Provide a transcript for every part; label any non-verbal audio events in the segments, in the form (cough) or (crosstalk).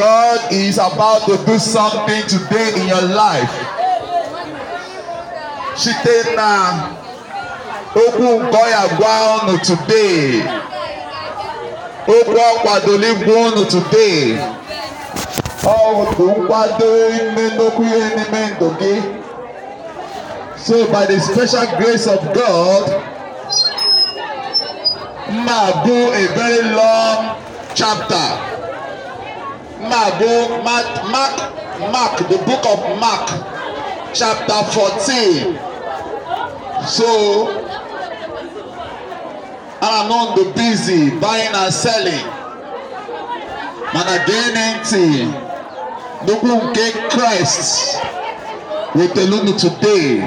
God is about to do something today in your life. Site na okwu nkọ ya gwa unu today. Okwu ọ kwadoro igwe unu today. Ọ bụ nkwado ime nnukwu ihe n'ime ndụ gị. So by the special grace of God, mma bụ a very long chapter máa Mark, Mark, Mark, the book of Mark, chapter 14. So, I'm among the busy buying and selling. Managing Look who gave Christ with the look today.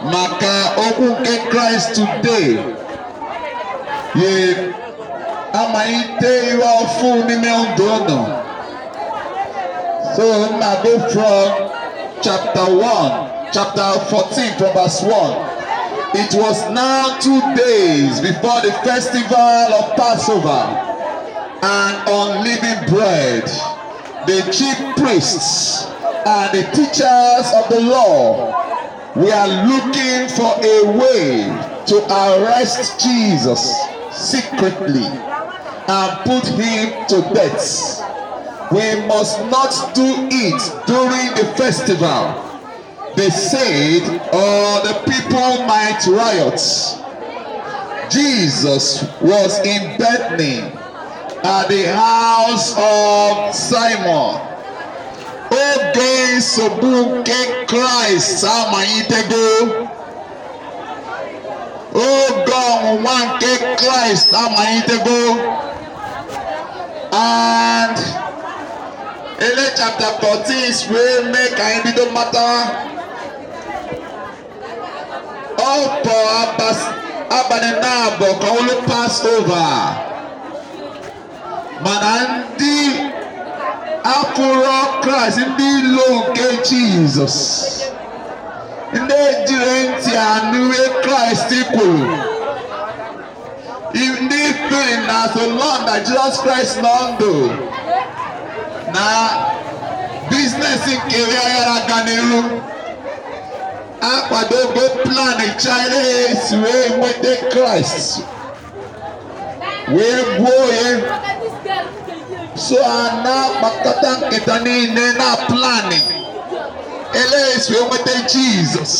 Maka uh, get Christ today. Yeah ama inteiro fún mi ń dono? So na go from chapter one chapter fourteen from verse one. It was now two days before the festival of Passover and on living bread the chief priests and the teachers of the law were looking for a way to arrest Jesus secretly and put him to death. We must not do it during the festival. They said, or oh, the people might riot. Jesus was in Bethany at the house of Simon. Oh, Christ Oge nsogbu nke Kraịst amanyitego. Christ ọnwụnwa I Kraịst go? and ilé chapter fourteen ìwé mẹ́ka ẹni tó mọ́tà ọ̀pọ̀ abalẹ̀ náà bọ̀ kan ló pass over mana ndị akwụrụ kraịst ndị ilo nke jizọs ndị ejiri ntị anụ ihe kraịst kwuru na to learn that jesus christ learn do na business nke yara aga n'iru akwadogo plan chinese wee nweta christ wee gbuo ya so a na-akpakọta nketa niile na planning eleesi wee nweta jizọs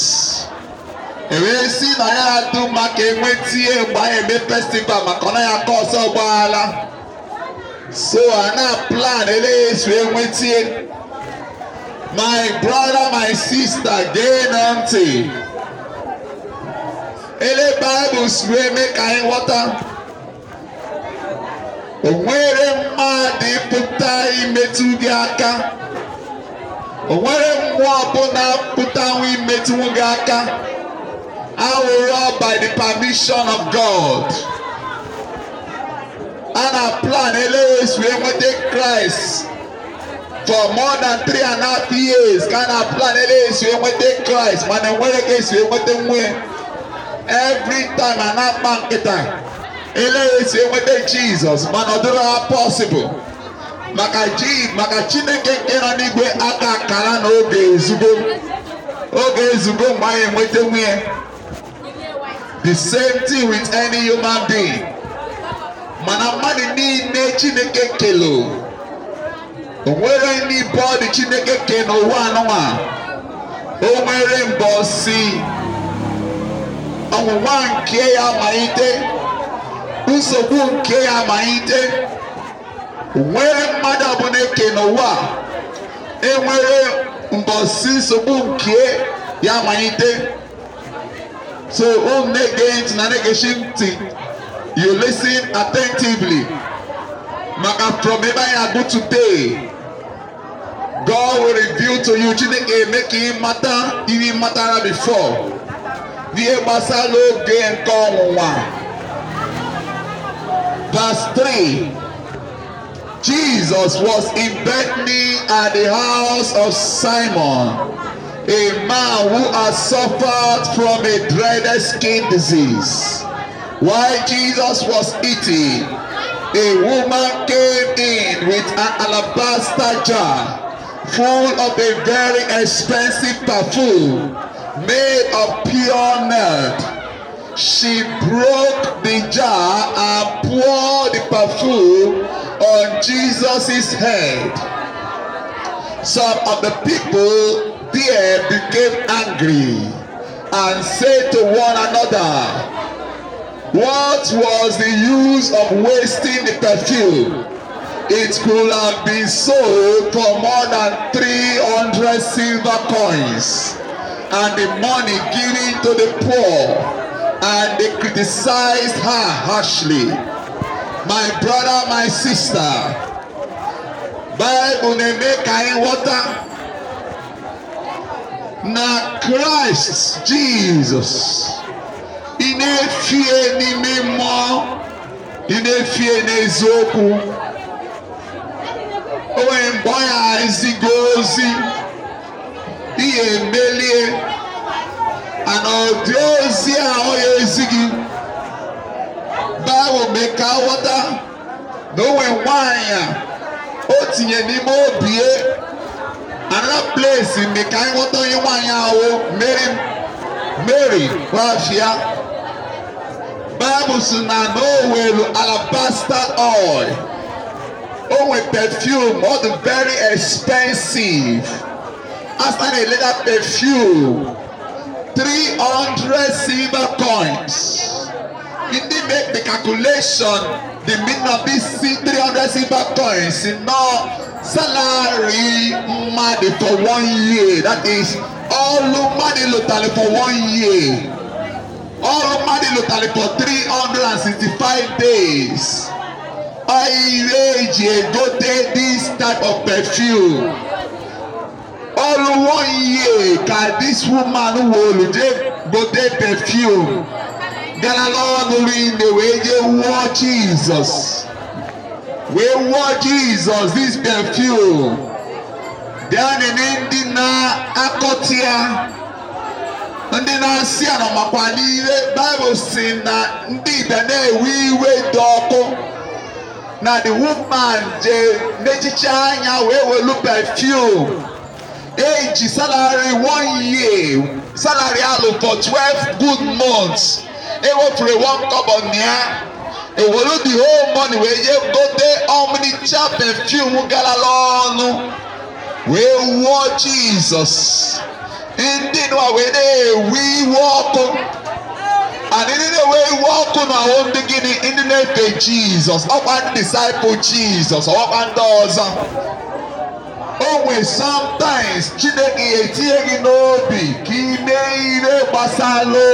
E wee si na ya adụ mma ka enweta ihe mgbe anyị eme festival maka ọ naghị aka ọsọ ụgbọala so a na plan eleghị esu enwetie my brother my sister gee na ntị ele baịbụl si eme ka anyị ghọta mma mmadụ pụta imetụ gị aka onwere mmụọ ọbụla pụtanwu imetụwu gị aka I will Awo by the permission of God. And I plan is we will take Christ for more than three and a half years. Can I plan is we will take Christ. Man, and when against we will take win every time and not bank it time. Eléyìí we will take Jesus. Man, I do not possible. Maka ji maka Chineke nke nọ n'igwe aka akara na oge ezugbo oge ezugbo mgbe anyị nweta nwunye. the same thing with any human being mana mmadụ niile chineke kelo o nwere n'ibe ọdị chineke ke n'ụwa anụnwa o nwere mbọ si ọnwụnwa nke ya malite nsogbu nke ya malite nwere mmadụ ọbụla eke n'ụwa e enwere si nsogbu nke ya malite So um negate nanegeshinti. You listen attentively. Maka from ya do today. God will reveal to you Chineke eh, make him matter even matter before. Vie basalo gain come Verse three. Jesus was in Bethany at the house of Simon a man who has suffered from a dreaded skin disease. While Jesus was eating, a woman came in with an alabaster jar full of a very expensive perfume made of pure nard. She broke the jar and poured the perfume on Jesus' head. Some of the people there became angry and said to one another, What was the use of wasting the perfume? It could have been sold for more than 300 silver coins and the money given to the poor. And they criticized her harshly. My brother, my sister, Bible na-eme ka na Christ Jesus ị na-efie n'ime mmụọ ị na-efie n'eziokwu o nwere mgbe ọ ya ezigo ozi ihe emelie ana ọdị ozi a ọ ya ezighị bawụ mee ka nghọta na o nwere nwaanyị a o tinye n'ime obi ya another place ni ka anyị nweta onye nwaanyị ahụ mary mary gbafia bible si na na o alabaster oil o nwere perfume all dị very expensive after na eleta perfume three hundred silver coins. Did they make the calculation? They may not be see 300 silver coins, no salary money for one year. That is all money lotally for one year. All money lotally for 365 days. Ayé go take this type of perfume. All one year can this woman who will go take perfume that are not doing the way they want Jesus. We want Jesus, this their fuel. Then an ending akotia. ndị na-asị anọmakwa the Bible si that ndị ibe na we iwe dị Now the woman je n'echicha we will look perfume eji salary one year salary alone for twelve good months ewepụrụ ewu nkọbọ nnịa ewere the whole money wee ye gote ọmịnịcha perfume gara n'ọnụ wee wụọ jizọs ndị nwa wee na-ewe iwe ọkụ and ndị na-ewe iwe ọkụ na ahụ ndị gịnị ndị na-efe jizọs ọkwa ndị disciple jizọs ọkwa ndị ọzọ Always, sometimes chineke ya etinye gị n'obi ka ị mee ire gbasalụ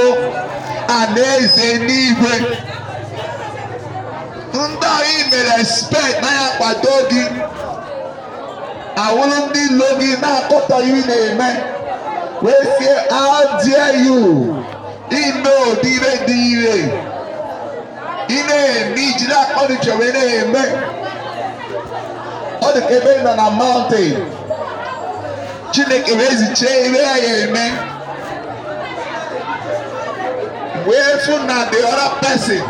alaeze n'igwe ndị anyị mere spet na ya kwado gị awụrụ ndị ilo gị na-akọta ihe na-eme wee sie adịeyu ime odire dị ire ị na-eme iji na-akpọrịcha wee na-eme ọ dị ka ebe ị nọ na mountain chineke wee eziche ire ya ya eme wee fụ na the other person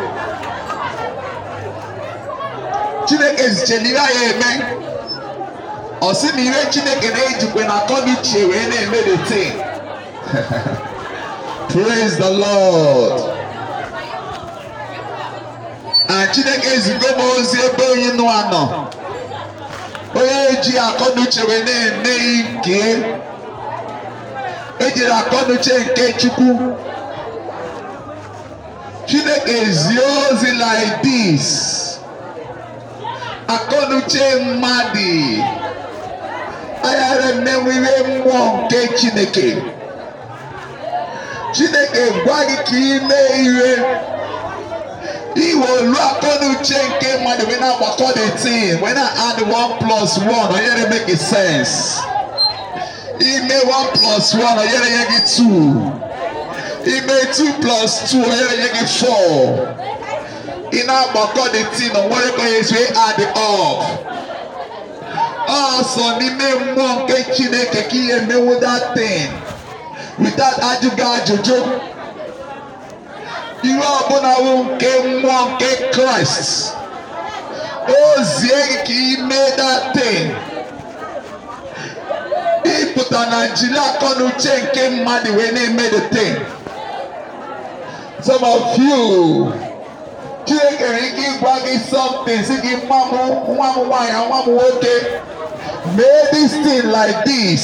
chineke zichie na ire ya eme ọ sị na ire chineke na-ejikwe na akọ chie wee na-eme the thing (laughs) praise the lord na chineke ezigbo m ozi ebe onye nụ anọ onye ji akọnuche wee na eme nke ejiri akọnuche nke chukwu chineke zie ozi dis. this akọnuche mmadụ aghara mmenwe mmụọ nke chineke chineke gwa gị ka ị mee ihe iwo lu akonu chenke mmadụ wey na agbakọ the team wey na add one plus one oyere make e sense ime one plus one oyere nye gị two ime two plus two oyere nye gị four ị na-agbakọ the team onwere ka onye esi add up ọsọ n'ime mmụọ nke chineke ka ihe mewu that thing without ajụghị ajụjụ iwe ọbụlawo nke mmụọ nke kraịst o zie gị ka ime datin ịpụta na jiri akọ na uche nke mmadụ wee na-eme thing. some of you chineke nwere ike ịgwa gị something si gị nwa m nwa m nwaanyị nwa m nwoke mee this thing like this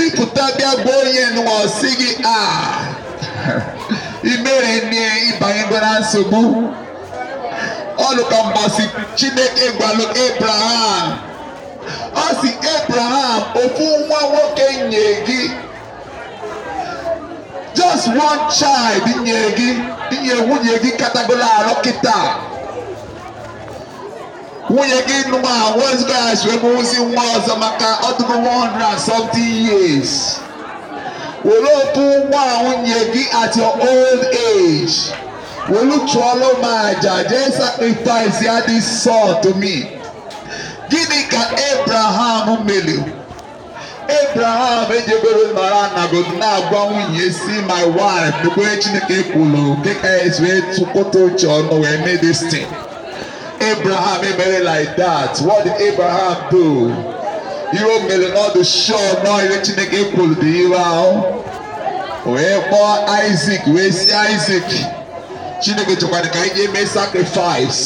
ịpụta bịa gbuo onye nwa ọ sị gị ah (laughs) imere nne ịbanyegoro nsogbu ọlụkọ mbọsi chineke gwalụ abraham ọ si abraham ofu nwa nwoke nye gị just one child nye gị nye nwunye gị katagolo arụ kịta nwunye gị nụma wezụga ya nwa ọzọ maka ọ dụgo something years Wòlóòkú wá àwọn yegi at your old age. Wòlútùọ́ máa jà jẹ́ sacrifice ya this son to me. Gịnị ka Abraham mere? Abraham ejebere mara nagodi na-agwa nwunye si my wife dịbụrụ Chineke kwuru dịka esi wee tụkọta uche ọnụ wee mee this thing. Abraham emere like that. What did Abraham do? iromelena do sure na ire chineke kwuru dị ire ahụ wee kpọọ Isaac, wee si isak chineke chekwara ka anyị ga-eme sacrifice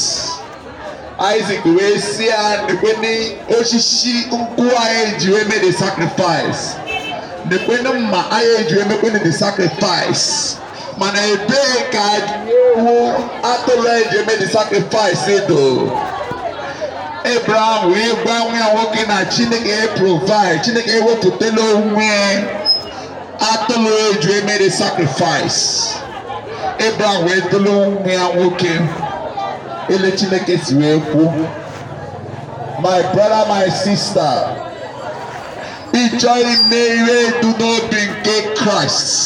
Isaac, wee si ya nekwe n'osisi nkwụ anyị ji wee mee the sacrifice nekwe na mma anyị ji wee mekwe the sacrifice mana ebee ka ewu atụrụ anyị ji eme the sacrifice edo eh, Abraham wee gwa nwa ya nwoke na Chineke provide Chineke ewepụtala onwe atụrụ eju emere sacrifice Abraham wee tụrụ nwa ya nwoke ele Chineke si wee kwuo my brother my sister ị chọrọ ime ihe edu n'obi nke Kraịst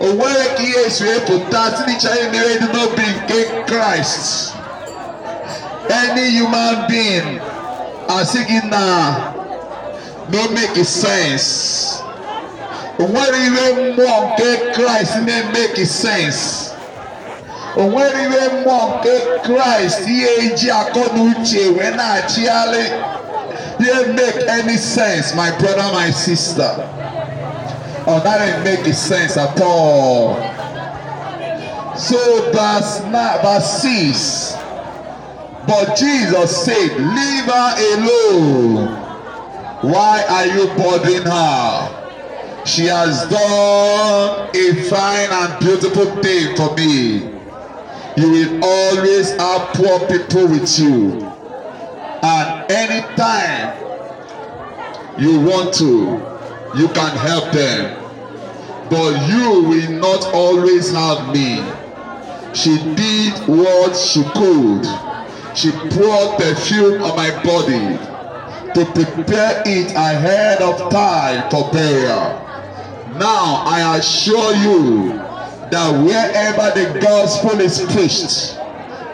o nwere ka ihe si wee pụta si na ị chọrọ ime ihe edu n'obi nke Kraịst any human being as seeking na no make sense onwere even monkey Christ kraịst na-emeki sens onwere ihe mmụọ nke kraịst ihe eji akọ na uche wee na-achịgharị didn't make any sense my brother my sister oh that didn't make sense at all so does verse cease. But Jesus said, Leave her alone. Why are you bothering her? She has done a fine and beautiful thing for me. You will always have poor people with you. And anytime you want to, you can help them. But you will not always have me. She did what she could. She poured perfume on my body to prepare it ahead of time for burial. Now I assure you that wherever the gospel is preached,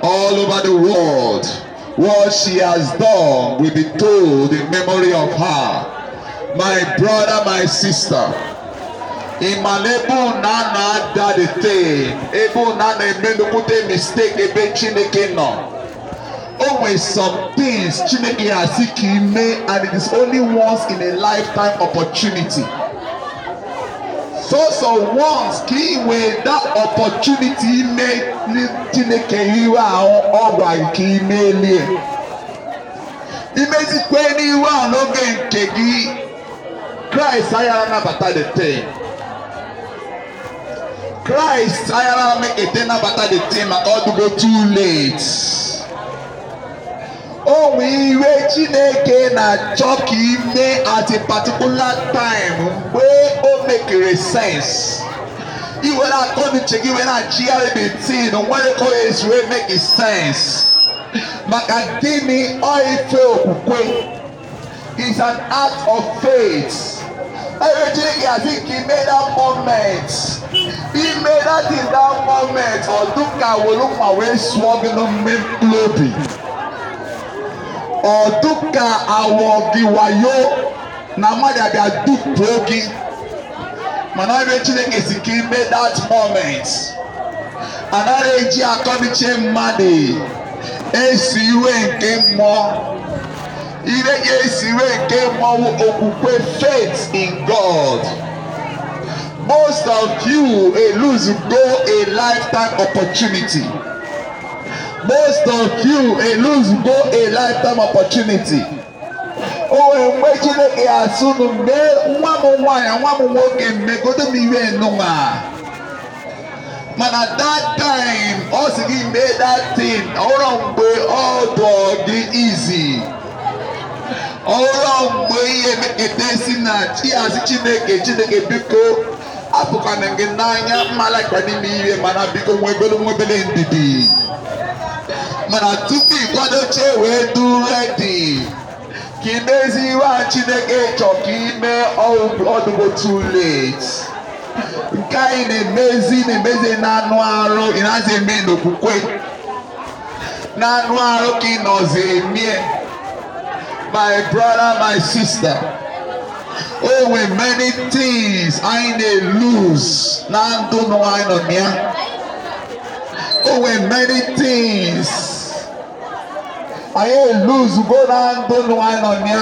all over the world, what she has done will be told in memory of her. My brother, my sister, ịma na ebe ụna na-ada the thing ebe una mistake, na-eme nnukwute mistake ebe always some things Chineke asị ka ime and it is only once in a lifetime opportunity. So so once ka ị that opportunity may ime Chineke iwe ahụ ọ gwa nke ime elie. Imezikwe n'iwe a n'oge nke gị Kraịst ayara nabata the thing. Kraịst ayara ete nabata the thing maka ọ dịgo too late ụmụ iwe chineke na-achọ ka ime at a particular time mgbe o mekere sense iwe na-akọ n'uche gị wee na-achịgharị betin nwere ka ọ esi wee make sense maka gịnị ọife okwukwe is an act of faith ebe chineke asị ka ime that moment ime that in that moment ọdụ ka were ụmụ wee sụọ gị n'omume mkpụrụ obi Ọdụka awọ gị wayo na mmadụ abịa dupụo gị mana ebe chineke si ka ime that moment anaghị eji akọbiche mmadụ esi iwe nke mmụọ ire gị esi iwe nke mmụọ okwukwe faith in God most of you a lose go a lifetime opportunity. most of you go a lifetime opportunity o nwere mgbe chineke asị unu mgbe nwa m nwanyị nwa m nwoke mmegodo m iwe nụnwa mana that time ọ sị gị mee that thing ọhụrụ mgbe ọ dụ gị izi ọhụrụ mgbe ihe emekete si na chi asị chineke chineke biko apụkwana gị n'anya mmala ikpa n'ime iwe mana biko nwebere nwebele ndidi mana tupu ịkwado che wee duru dị ka imezi iwe a chineke chọ ka ime ọdụgo too nke anyị na-emezi na-emezi n'anụ arụ ị na-azị eme n'okwukwe n'anụ arụ ka ị nọzi emie my brother my sister oh we many things anyị na-lose na ndụ nwa anyị nọ ya. Oh, and many things anyị luzgo na ndụ nọ ya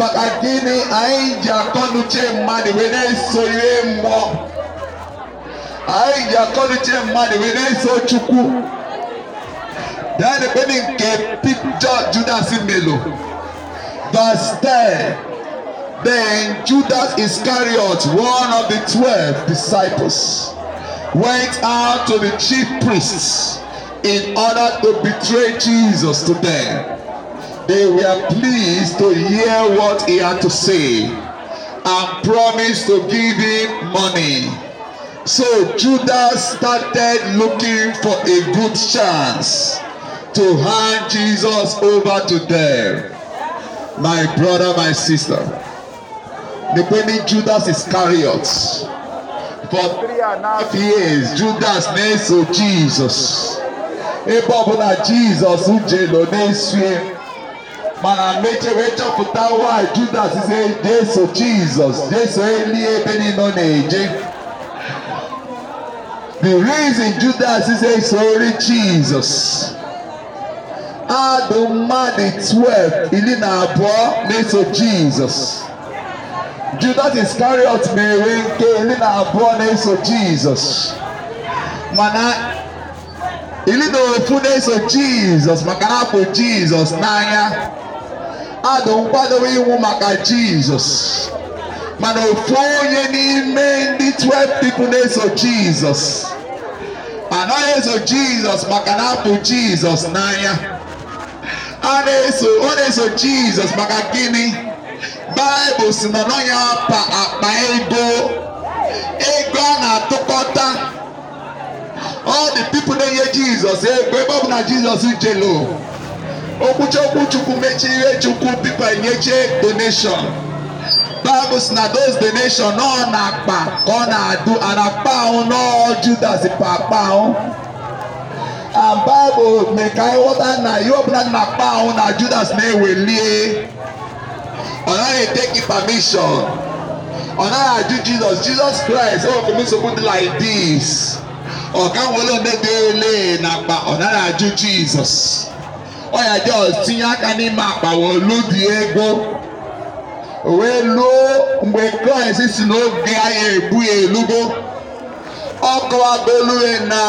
maka gịnị anyị ji akọnuche mmadụ wee na-eso ihe mmụọ anyị ji akọnuche mmadụ wee na-eso chukwu dadekpeni nke pikcọ judas melo verse 10 then judas iscariot one of the twelve disciples went out to the chief priests in order to betray Jesus to them. They were pleased to hear what he had to say and promised to give him money. So Judas started looking for a good chance to hand Jesus over to them. My brother, my sister. The baby Judas is carriot. For three and a half years, Judas next to Jesus. ebe ọbụla jizọs jelo na-esie mana mechebe chọpụta nwa judas jeso jizọs jeso eli ebe niile ọ na-eje the reason judas esori jizọs adụ mmadụ 12 ili na abụọ na-eso jizọs Judas Iscariot mere nke iri na abụọ na-eso Jizọs mana ilido ofuneso jizọs maka na afọ jizọs n'anya adụ nkwadobe iwu maka Jesus, mana ofu onye n'ime ndị 12 people na-eso Jesus, anaghị eso jizọs maka na afọ jizọs n'anya ọ na-eso Jesus maka gịnị baịbụl si na nọ ya akpa ego ego a na-atụkọta all the people don't hear Jesus egbe bọbụ na Jesus jelo okwuchukwu chukwu mechie ihe chukwu people nyeche donation bible si na those donation nọ na akpa ka ọ na-adụ ana akpa ahụ nọọ Judas pa akpa ahụ and bible mee ka anyị na ihe ọbụla na akpa ahụ na Judas na-ewelie ọ naghị eteki permission ọ naghị ajụ Jesus Jesus Christ ọ bụ nsogbu dị like this. ọ ka dị omegele na akpa ọ naghị ajụ jizọs ọ ya tinye aka n'ime akpa di ego wee luo mgbe kraịst si n'oge ahịa ebu ya elugo ọ kọwagolu na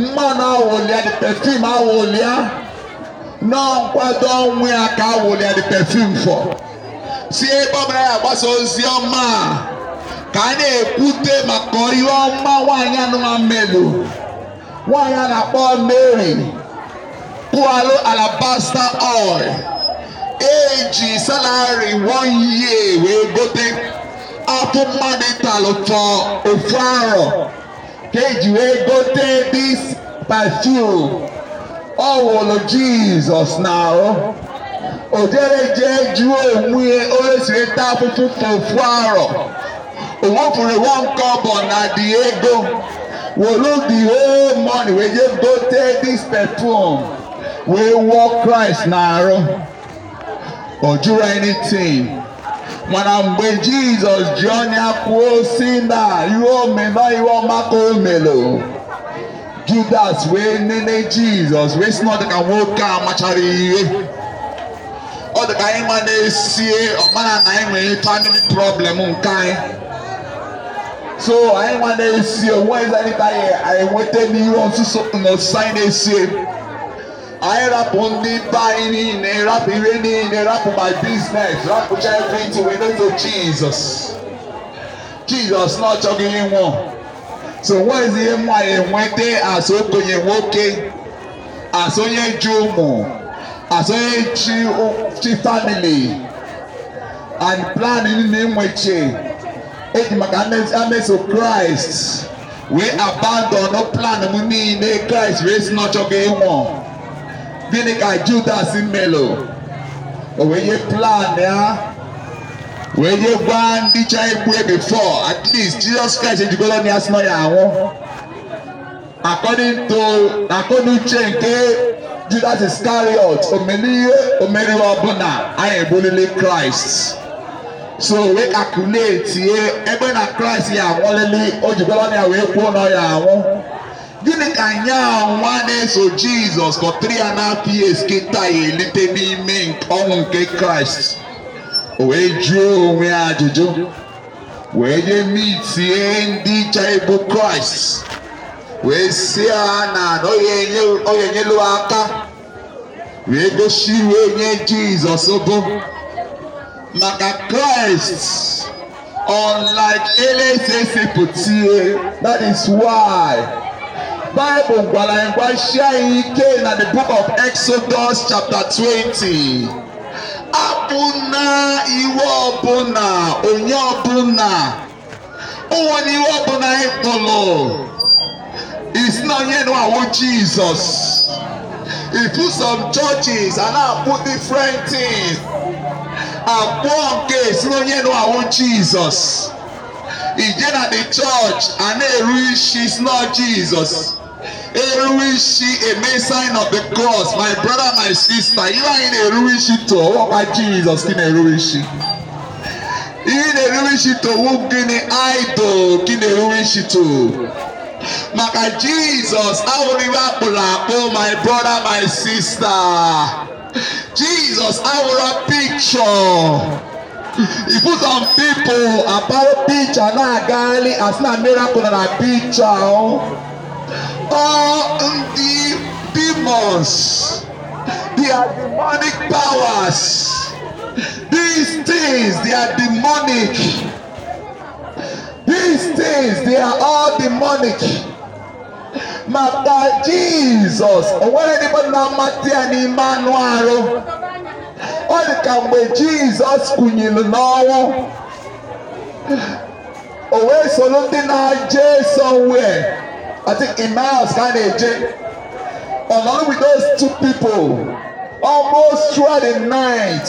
mmanụ awụlịa dị pefum awụlịa na nkwado ọnwụ ya ka awụlịa dị pefum fọ si ebe ọ ya gbasa ozi ọma a ka a na-ekwute maka ọrịa ọma nwaanyị anụma melu nwaanyị a na-akpọ Mary kwualụ alabasta oil eji salari one year wee gote atụ mmadụ talụ tọ ofu arọ ka eji wee gote this perfume ọ wụlụ Jizọs na-arụ o jere jee jụọ onwe ya o resiri ta afụfụ ofu arọ onwefuru one kobo na di ego we lose the whole money we just go take this perfume wey work christ na arụ or do anything mana mgbe jizọs ji ọnya kwuo si na ihe omena ihe ọma ka o melo judas wee nene Jesus, wee si na ọ dịka nwoke a machara ihe ọ dịka anyị nwa na-esie ọ mara na anyị family problem nke anyị so anyị nwa na-esie nwezi anyị ka anyị nweta n'ihu ọsụsụ n'ọsụsụ anyị na-esie anyị rapụ ndị be anyị niile rapụ ire niile rapụ my business rapụcha everything we know to jesus jesus na ọchọghị ịnwụ so nwezi ihe nwaanyị enweta asụ okenye nwoke asụ onye ji ụmụ asụ onye chi family and plan niile enweche eti maka ameso kraịst wee abandon plan m niile Christ, wee si n'ọchọghị ịnwụ gịnị ka judas melo o wee nye plan ya wee nye gwa ndị cha egbu before at least jesus christ ejigoro na ya si nọ ya anwụ according to akọnuche nke judas iscariot omerihe omerihe ọbụla anyị ebulili Christ so we calculate, tie ebe na kraịst ya anwụlele o jikwara ya wee kwuo na ya anwụ gịnị ka anya nwa na-eso jizọs kọtịrị ya na ps kịta ya elite n'ime ọnwụ nke kraịst o wee jụọ onwe ya ajụjụ wee nye mitie ndị iche bụ kraịst wee si ha na ọ ga-enyelu aka wee gosi wee nye jizọs bụ Maka Christ, unlike LSS people tie, that is why. Bible gwara ngwa share ike na the book of Exodus chapter twenty. Abụna iwe ọbụna onye ọbụna ụwa na iwe ọbụna ịkpụlụ is na onye nwawo Jesus. If you some churches are na put different things akpọ nke ezinụlọ onye nọ ahụ jizọs ije na the church a na-eru isi sno jizọs eru isi eme sign of the cross my brother my sister ihe anyị na-eru isi tụọ ọkpa jizọs gị na-eru isi ihe na-eru isi tụwụ gịnị idol gị na-eru isi tụwụ maka jizọs abụrụ iwe akpụrụ akpụ my brother my sister Jesus I want a picture. He put some people about picture na agaghali as na miracle na picture All the demons, they are demonic powers. These things, they are demonic. These things, they are all demonic maka Jizọs o nwere ndị mmadụ na-amatị ya n'ime anụ arụ ọ dị ka mgbe Jizọs kwụnyere n'ọnwụ o wee soro ndị na-aje somewhere I think Emmaus ka a na-eje along with those two people almost throughout the night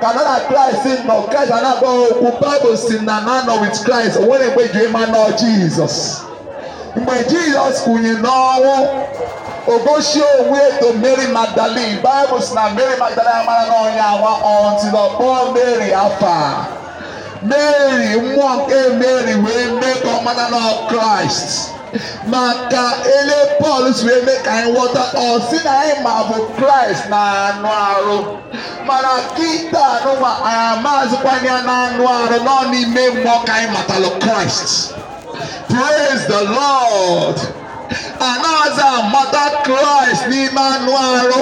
ka Christ nọ Christ na-agba okwu Bible si na na nọ with Christ o nwere mgbe ji ịma nọ Jizọs mgbe jizọs kwunye n'ọnwụ o onwe eto mary magdalene baịbụl si na mary magdalene mara na ọnya awa ọntil ọkpọọ mary afa mary mmụọ nke mary wee mee ka ọ mara na ma maka ele pọl si wee mee ka anyị ghọta ọ si na anyị ma bụ kraịst na anụ arụ mana kịta anụma anyị ya na anụ arụ nọ n'ime mmụọ ka anyị matala kraịst Praise the Lord. another mata Christ n'ime anụ arụ.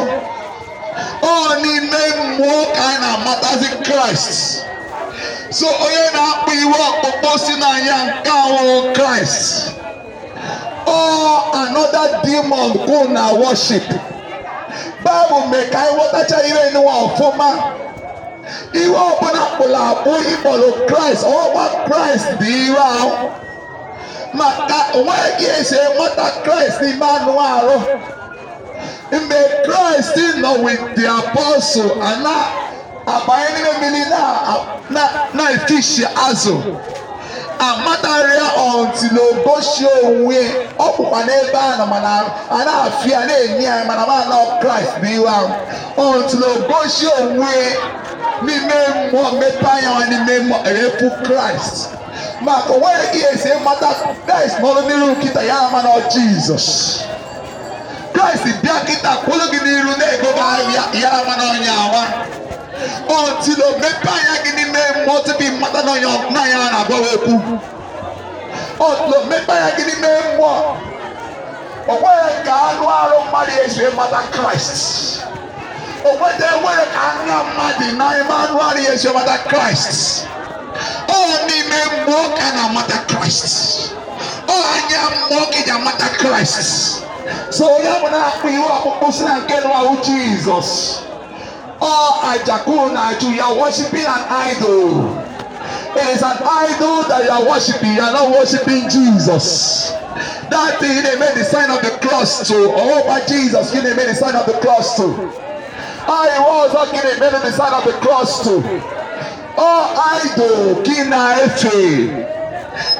Ọ n'ime mmụọ ka Christ. So onye na-akpụ iwe ọkpụkpọ si n'anya Christ. Oh, another demon go na worship. Bible mee ka anyị ghọtacha ire nwa ọfụma. Iwe ọbụla kpụrụ akpụ ịkpọrọ Christ oh, what Christ dị ire maka onweghị gị esi enweta kraịst n'ime anụ arụ mgbe kraịst nọ wit the apostle ana abanye n'ime mmiri na-efishi azụ amatara ya ọntụl ogoshi onwe ọ bụkwa n'ebe a nọ mana a na-afị ya na-enye ya mana ma anọ kraịst bụ iwe ahụ ọntụl ogoshi onwe n'ime mmụọ mmepe anya n'ime mmụọ erefu kraịst ma onweghị ihe esi mata kraịst nọrọ n'iru nkịta ya ama na jizọs kraịst bịa nkịta kwụrụ gị n'iru na-egobe ahịa ya ama na ọnya awa otilo mepe anya gị n'ime mmụọ tupu mmata na ọnya a na-agbawa okwu otilo mepe anya gị n'ime mmụọ onweghị ka anụ arụ mmadụ esi mata kraịst onweta enweghị ka anya mmadụ na ime anụ arụ esi mata kraịst Oh, they may walk and a mother Christ. Oh, I am walking a mother Christ. So, I'm not for you, I'm going to get out Jesus. Oh, I jacuna, you are worshiping an idol. It is an idol that you are worshiping. You are not worshiping Jesus. That thing they made the sign of the cross to. Oh, by Jesus, they made the sign of the cross to. I ah, was not giving the sign of the cross to all idol kina efe.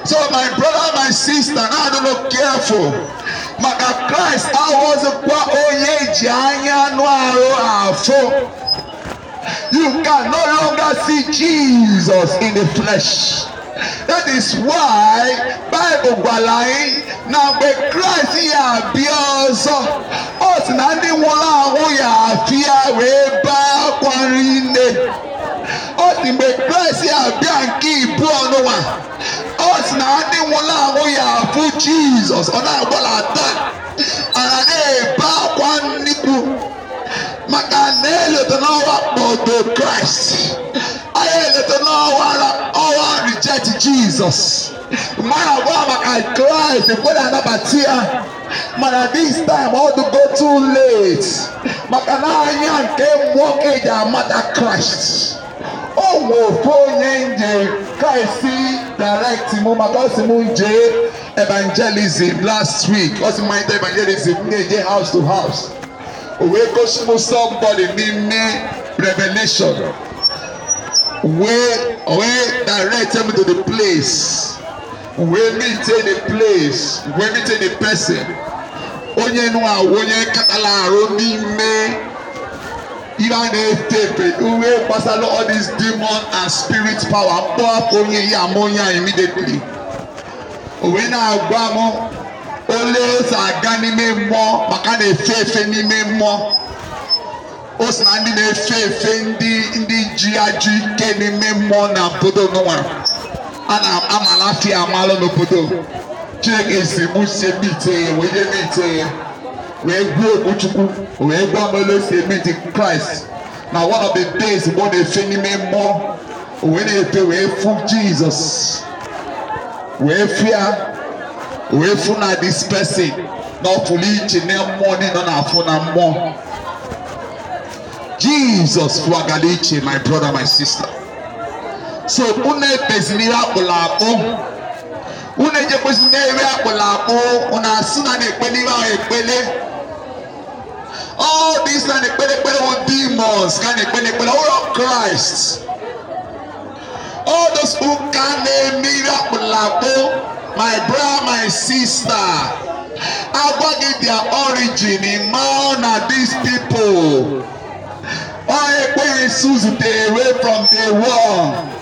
So my brother, my sister, I don't know careful. My Christ, I was a kwa oye janya nwaro You can no longer see Jesus in the flesh. That is why Bible gwalaye now mgbe Christ ya abịa Us ọ sị na ndị nwụrụ anwụ ya afịa ọ dị mgbe kraịst ya bịa nke ibu ọnụwa ọ sị na ndị nwụrụ anwụ ya abụ jizọs ọ na-agbalata ana na-ebe akwa nnukwu maka na eleta n'ọwa kpọdo kraịst anyị eleta n'ọnwa ọnwa rijet jizọs mmadụ abụọ maka kraịst mgbe na-anabata ya mana this time ọ dịgo too late maka na anya nke nwoke ji amata kraịst Owofoye nje Kaisi direct Muma Kosi Munje evangelism last week Kosi Munje evangelism Nje house to house. Owe Kosi Mu somebody Nime revelation. Owe Owe direct them to the place. Owe meet in the place. Owe meet in the person. Onye nu awo yẹn kàkàlà àrò ní mẹ́ẹ́. ife a na-eto epe uwe gbasara all this demon and spirit power mkpọapụ onye ya ama ya a immediately o na-agwa mụ ole esi aga n'ime mmụọ maka na-efe efe n'ime mmụọ o si na ndị na-efe efe ndị ndị ji ajụ ike n'ime mmụọ na obodo n'ụwa a na-amalafi amalụ n'obodo chineke si mụ sie m ya wee nye ya wee gbuo okwuchukwu wee gwa m elu esi eme dị kraịst na one of the days mgbe ọ na-efe n'ime mmụọ wee na-efe full, Jesus, jizọs fear, fụ ya wee fụ na this person na ọ pụrụ iche na mmụọ niile na-afụ na mmụọ jizọs fụagara my brother my sister so unu ekpeziri ihe akpụrụ akpụ unu ejekwezi na-eri akpụrụ akpụ unu asị na na-ekpele ihe ahụ ekpele all these kind of demons, kind of all of Christ. All those who can a miracle, my brother, my sister. Agwa get their origin in man and these people. Why pay Susie away from the world?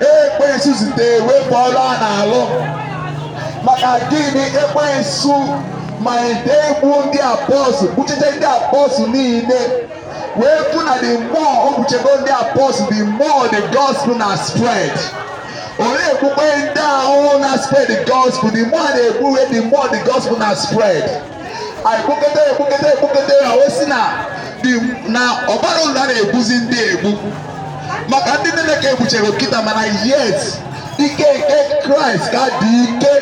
Ekwensu zite away from all and alone. Maka gịnị ekwensu ma ede egwu ndị apọstụ kpuchite ndị apọstụ niile wee fụ na oh, the more o ndị apọstụ the more the gospel na spread Olee ekpukpe ndị ahụ na spread the gospel the more na-ekwu wee the more the gospel na spread ekpukete ekpukete ekpukete ha wee si na na ọbara ụlọ na-egbuzi ndị egbu maka ndị nne ka ekpuchero kịta mana yet ike nke kraịst ka dị ike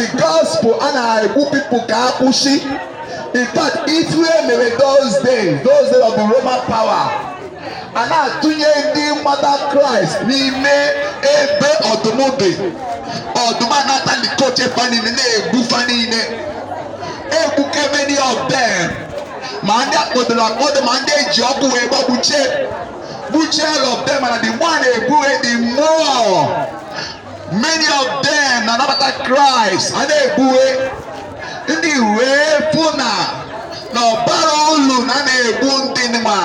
the gospel and I, egbu people, can push it. in fact Israel mere those days those days of the Roman power And a na-atụnye ndị mmadụ Kraịst n'ime ebe ọdụm dị ọdụm anata likoche fa niile na-egbu fa niile egbukebe many of them ma ndị akpọdoro akpọdo ma ndị eji ọkụ wee gbagbuchie gbuchie all of them and the one egbu the more many of them na nabata Christ a na-egbue ndị wee fụ na na ọbara olu na na-egbu ndị nwa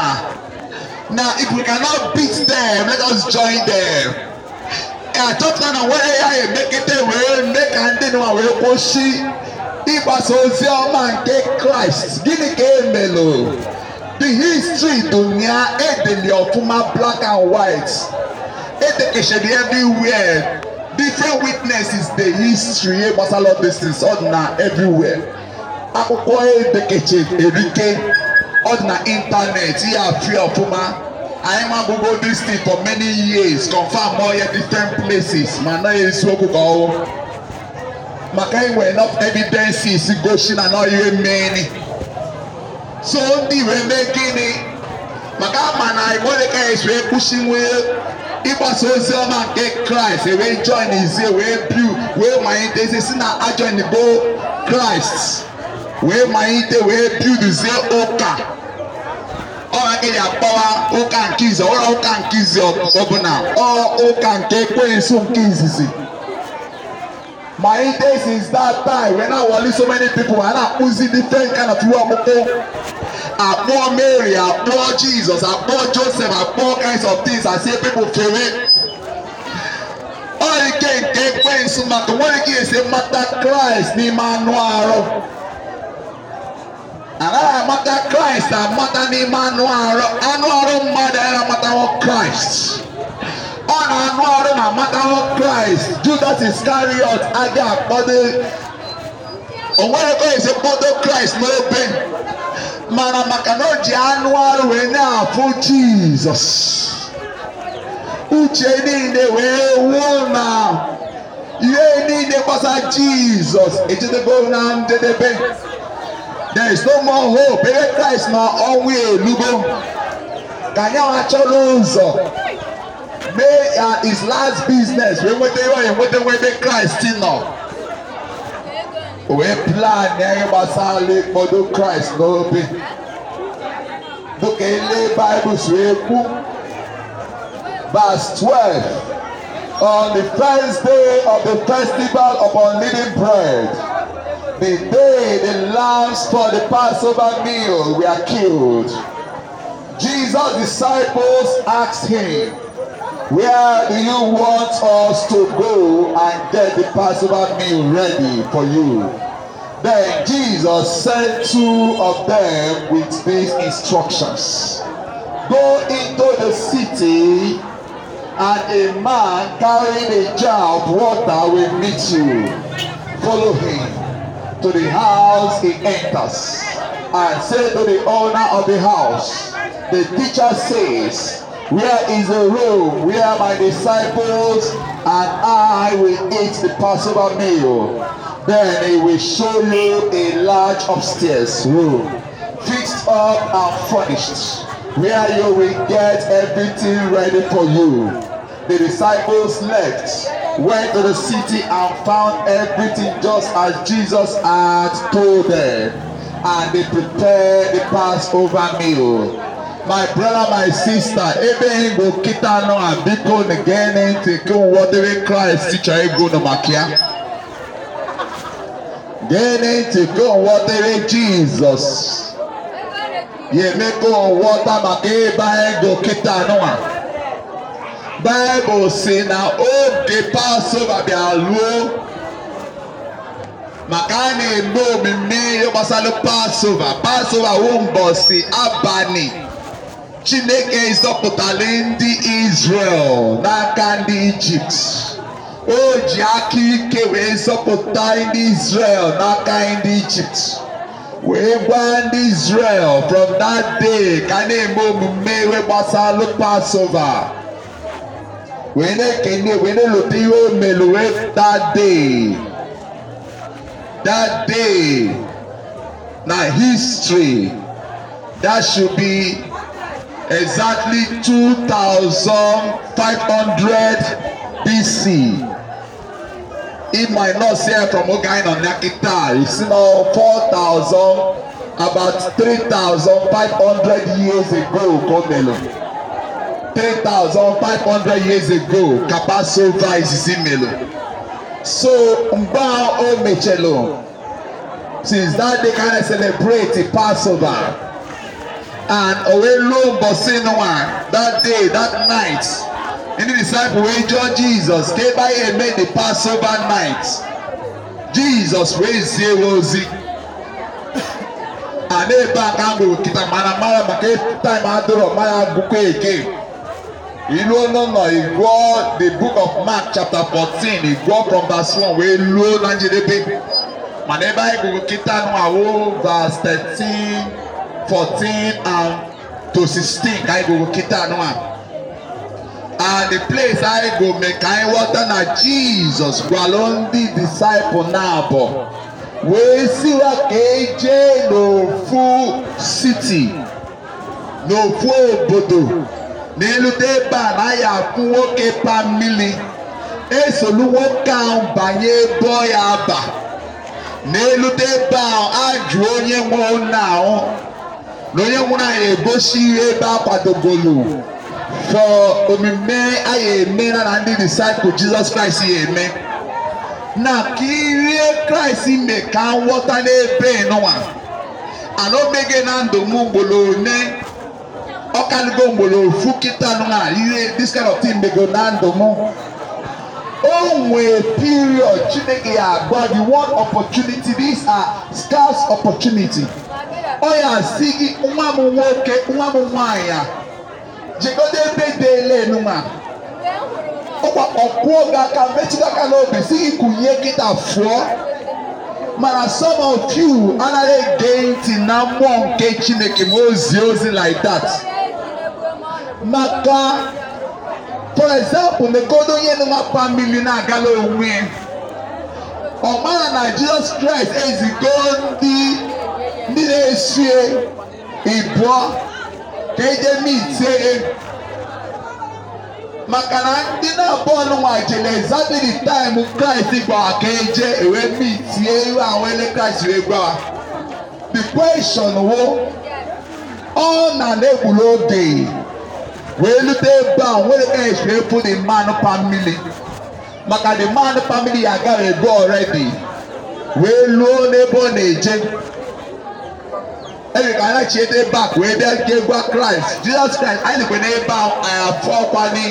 na if we cannot beat them let us join them achọpụta na nwere ya emekete wee mee ka ndị nwa wee kwụsị ịgbasa ozi ọma nke Kraịst gịnị ka emelụ the history dunya edeli ọfụma black and white edekechiri everywhere Different witnesses the history gbasara these things ọ dị na everywhere akwụkwọ edekeche erike ọ dị na ịntanetị ya apịa ọfụma anyị magbugo this thing for many years confam ọya different places ma naghị eziokwu ka ọwụ maka enwe enough evidences gosi na na ihe mmeri so ndị wee mee gịnị maka ama na anyị nwere ka esi ekwusi nwee ịgbasa ozi ọma nke kraịst wee join izie wee biu wee malite ezi si na ajọ igbo kraịst wee malite wee bilduzie ụka ọra ya akpọwa ụka nke izi ọra ụka nke izi ọbụla ọ ụka nke ekwensu nke izizi malite is that time when I awali so many people a na-akpụzi different kind of iwe ọkpụkpụ akpọ mary akpọ jesus akpọ joseph akpọ kinds of things as say people fere ọ ike nke ekwensu maka nwere ike esi mata kraịst n'ime anụ arụ anaghị amata kraịst amata n'ime anụ arụ anụ arụ mmadụ anaghị amatawo kraịst ọ na-anụ arụ na amatawo kraịst judas iskariot adịghị akpọdo onwere ike esi kpọdo kraịst n'obe maramaka na o ji anụ arụ wee na-afụ jizọs uche niile wee wuo na ihe niile gbasara jizọs ejedego na njedebe there is no more hope ebe kraịst ma ọnwụ elugo ka anyị achọrọ ụzọ mee uh, his last business wee nweta ihe ọ enweta ebe kraịst nọ we plan ẹ gbasa le kpọdo Christ n'obe dókè ilé Bible sọ ekú verse twelve on the first day of the festival of unleavened bread the day the lambs for the Passover meal were killed Jesus' disciples asked him. Where do you want us to go and get the Passover meal ready for you? Then Jesus sent two of them with these instructions. Go into the city and a man carrying a jar of water will meet you. Follow him to the house he enters and say to the owner of the house, the teacher says, Where is the room where my disciples and I will eat the Passover meal? Then he will show you a large upstairs room, fixed up and furnished, where you will get everything ready for you. The disciples left, went to the city and found everything just as Jesus had told them, and they prepared the Passover meal my brother my sister ebe ịgụ kịta nọ a biko na-egene ntị ka ụwa dịrị kraịst chọrọ ịgụ nọ maka ya gene ntị ka ụwa dịrị jizọs ya eme ka ụwa ta maka ịba ịgụ kịta nọ a baịbụl si na oge pasova bịa luo maka a na-eme omume ihe gbasara pasova pasova wụ mbọsi abalị chineke ịzọpụtara ndị israel n'aka ndị ijipt o ji aka ike wee zọpụta ndị israel n'aka ndị ijipt wee gwa ndị israel from that day ka na-eme omume iwe gbasara passover wee na-ekene wee na-elota ihe o mere wee that day that day na history that should be exactly 2500 BC. It might not say from Ogain or Nakita. It's now 4,000, about 3,500 years ago, Komelo. 3,500 years ago, Kabasova is Zimelo. So, Mba Omechelo, since that they kind of celebrate the Passover and Owelu Bosinwa that day, that night. Any disciple wey join Jesus came by and made the Passover night. Jesus raised Yewozi. (laughs) And ebe a ka m gụrụ kita mara mara maka time adịrọ mara gụkwa eke. Ilu no nọ igụọ the book of Mark chapter 14 igụọ from verse 1 wee luo na njedebe. Mana ebe anyị gụrụ kita nụ awụ verse 13 14 and to 16 ka go kita no am and the place I go make I water na Jesus gwalondi disciple naabo. abo wee siwa ka eje n'ofu city n'ofu obodo n'elu debe a na ya akwụ nwoke pa mmiri esolu nwoke ahụ banye ebe ọ ya aba n'elu debe ajụ onye nwe ahụ na onye nwụrụ anyị na-egosi ebe a kwadogolu fọ omume anyị eme na ndị discipụl jizọs kraịst ya eme na ka ihe kraịst mee ka nghọta n'ebe nụwa ana omege na ndụ m ugboro one ọkaligo ugboro ofu kịta nụwa ihe this kind of thing mego na ndụ m o nwee period chineke ya agwa gị one opportunity these are scarce opportunity ọ ya-asị gị nwa m nwoke nwa m nwaanyị a jigodo ebe dị ele enuma ọkwa ọkpụọ gị aka metụta aka n'obi si gị kụnye kịta fụọ mana some of you anaghị ege ntị na mmụọ nke chineke ma ozi ozi like that maka for example megodo onye nụma famili na-agala onwe ọ mara na jizọs kraịst ezigo ndị ndị na-esie ịbụọ ka eje m maka na ndị na-abụọ nụnwa je na ezabiri kraịst gbara ka eje ewe m ihu ahụ ele kraịst wee gwa the question wo ọ na na-egburu oge wee lute ebe a nwere ka esi efu the man family maka the man family ya agaghị ebe already wee luo n'ebe ọ na-eje erika ya chi ede back wee bịa nke gwa kraịst jizọs kraịst anyị nọkwa n'ebe anyị afụọkwani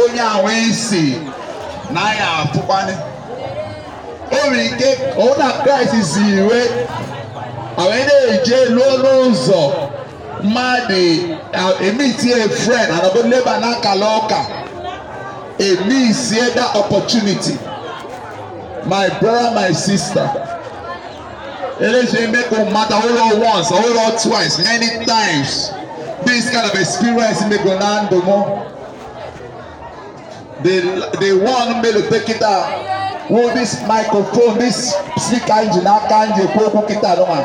onye ahụ isi na anyị afụkwani o nwere ike ọ na kraịst zi iwe anyị na-eje luo n'ụzọ mmadụ emitie fren anọgo leba n'akala ọka emisie that opportunity my brother my sister eléṣe make no matter all at once all at twice many times this kind of experience make una do mo. the the one make you take it out hold this microphone this speaker engine aka engine kpokpo kita no ma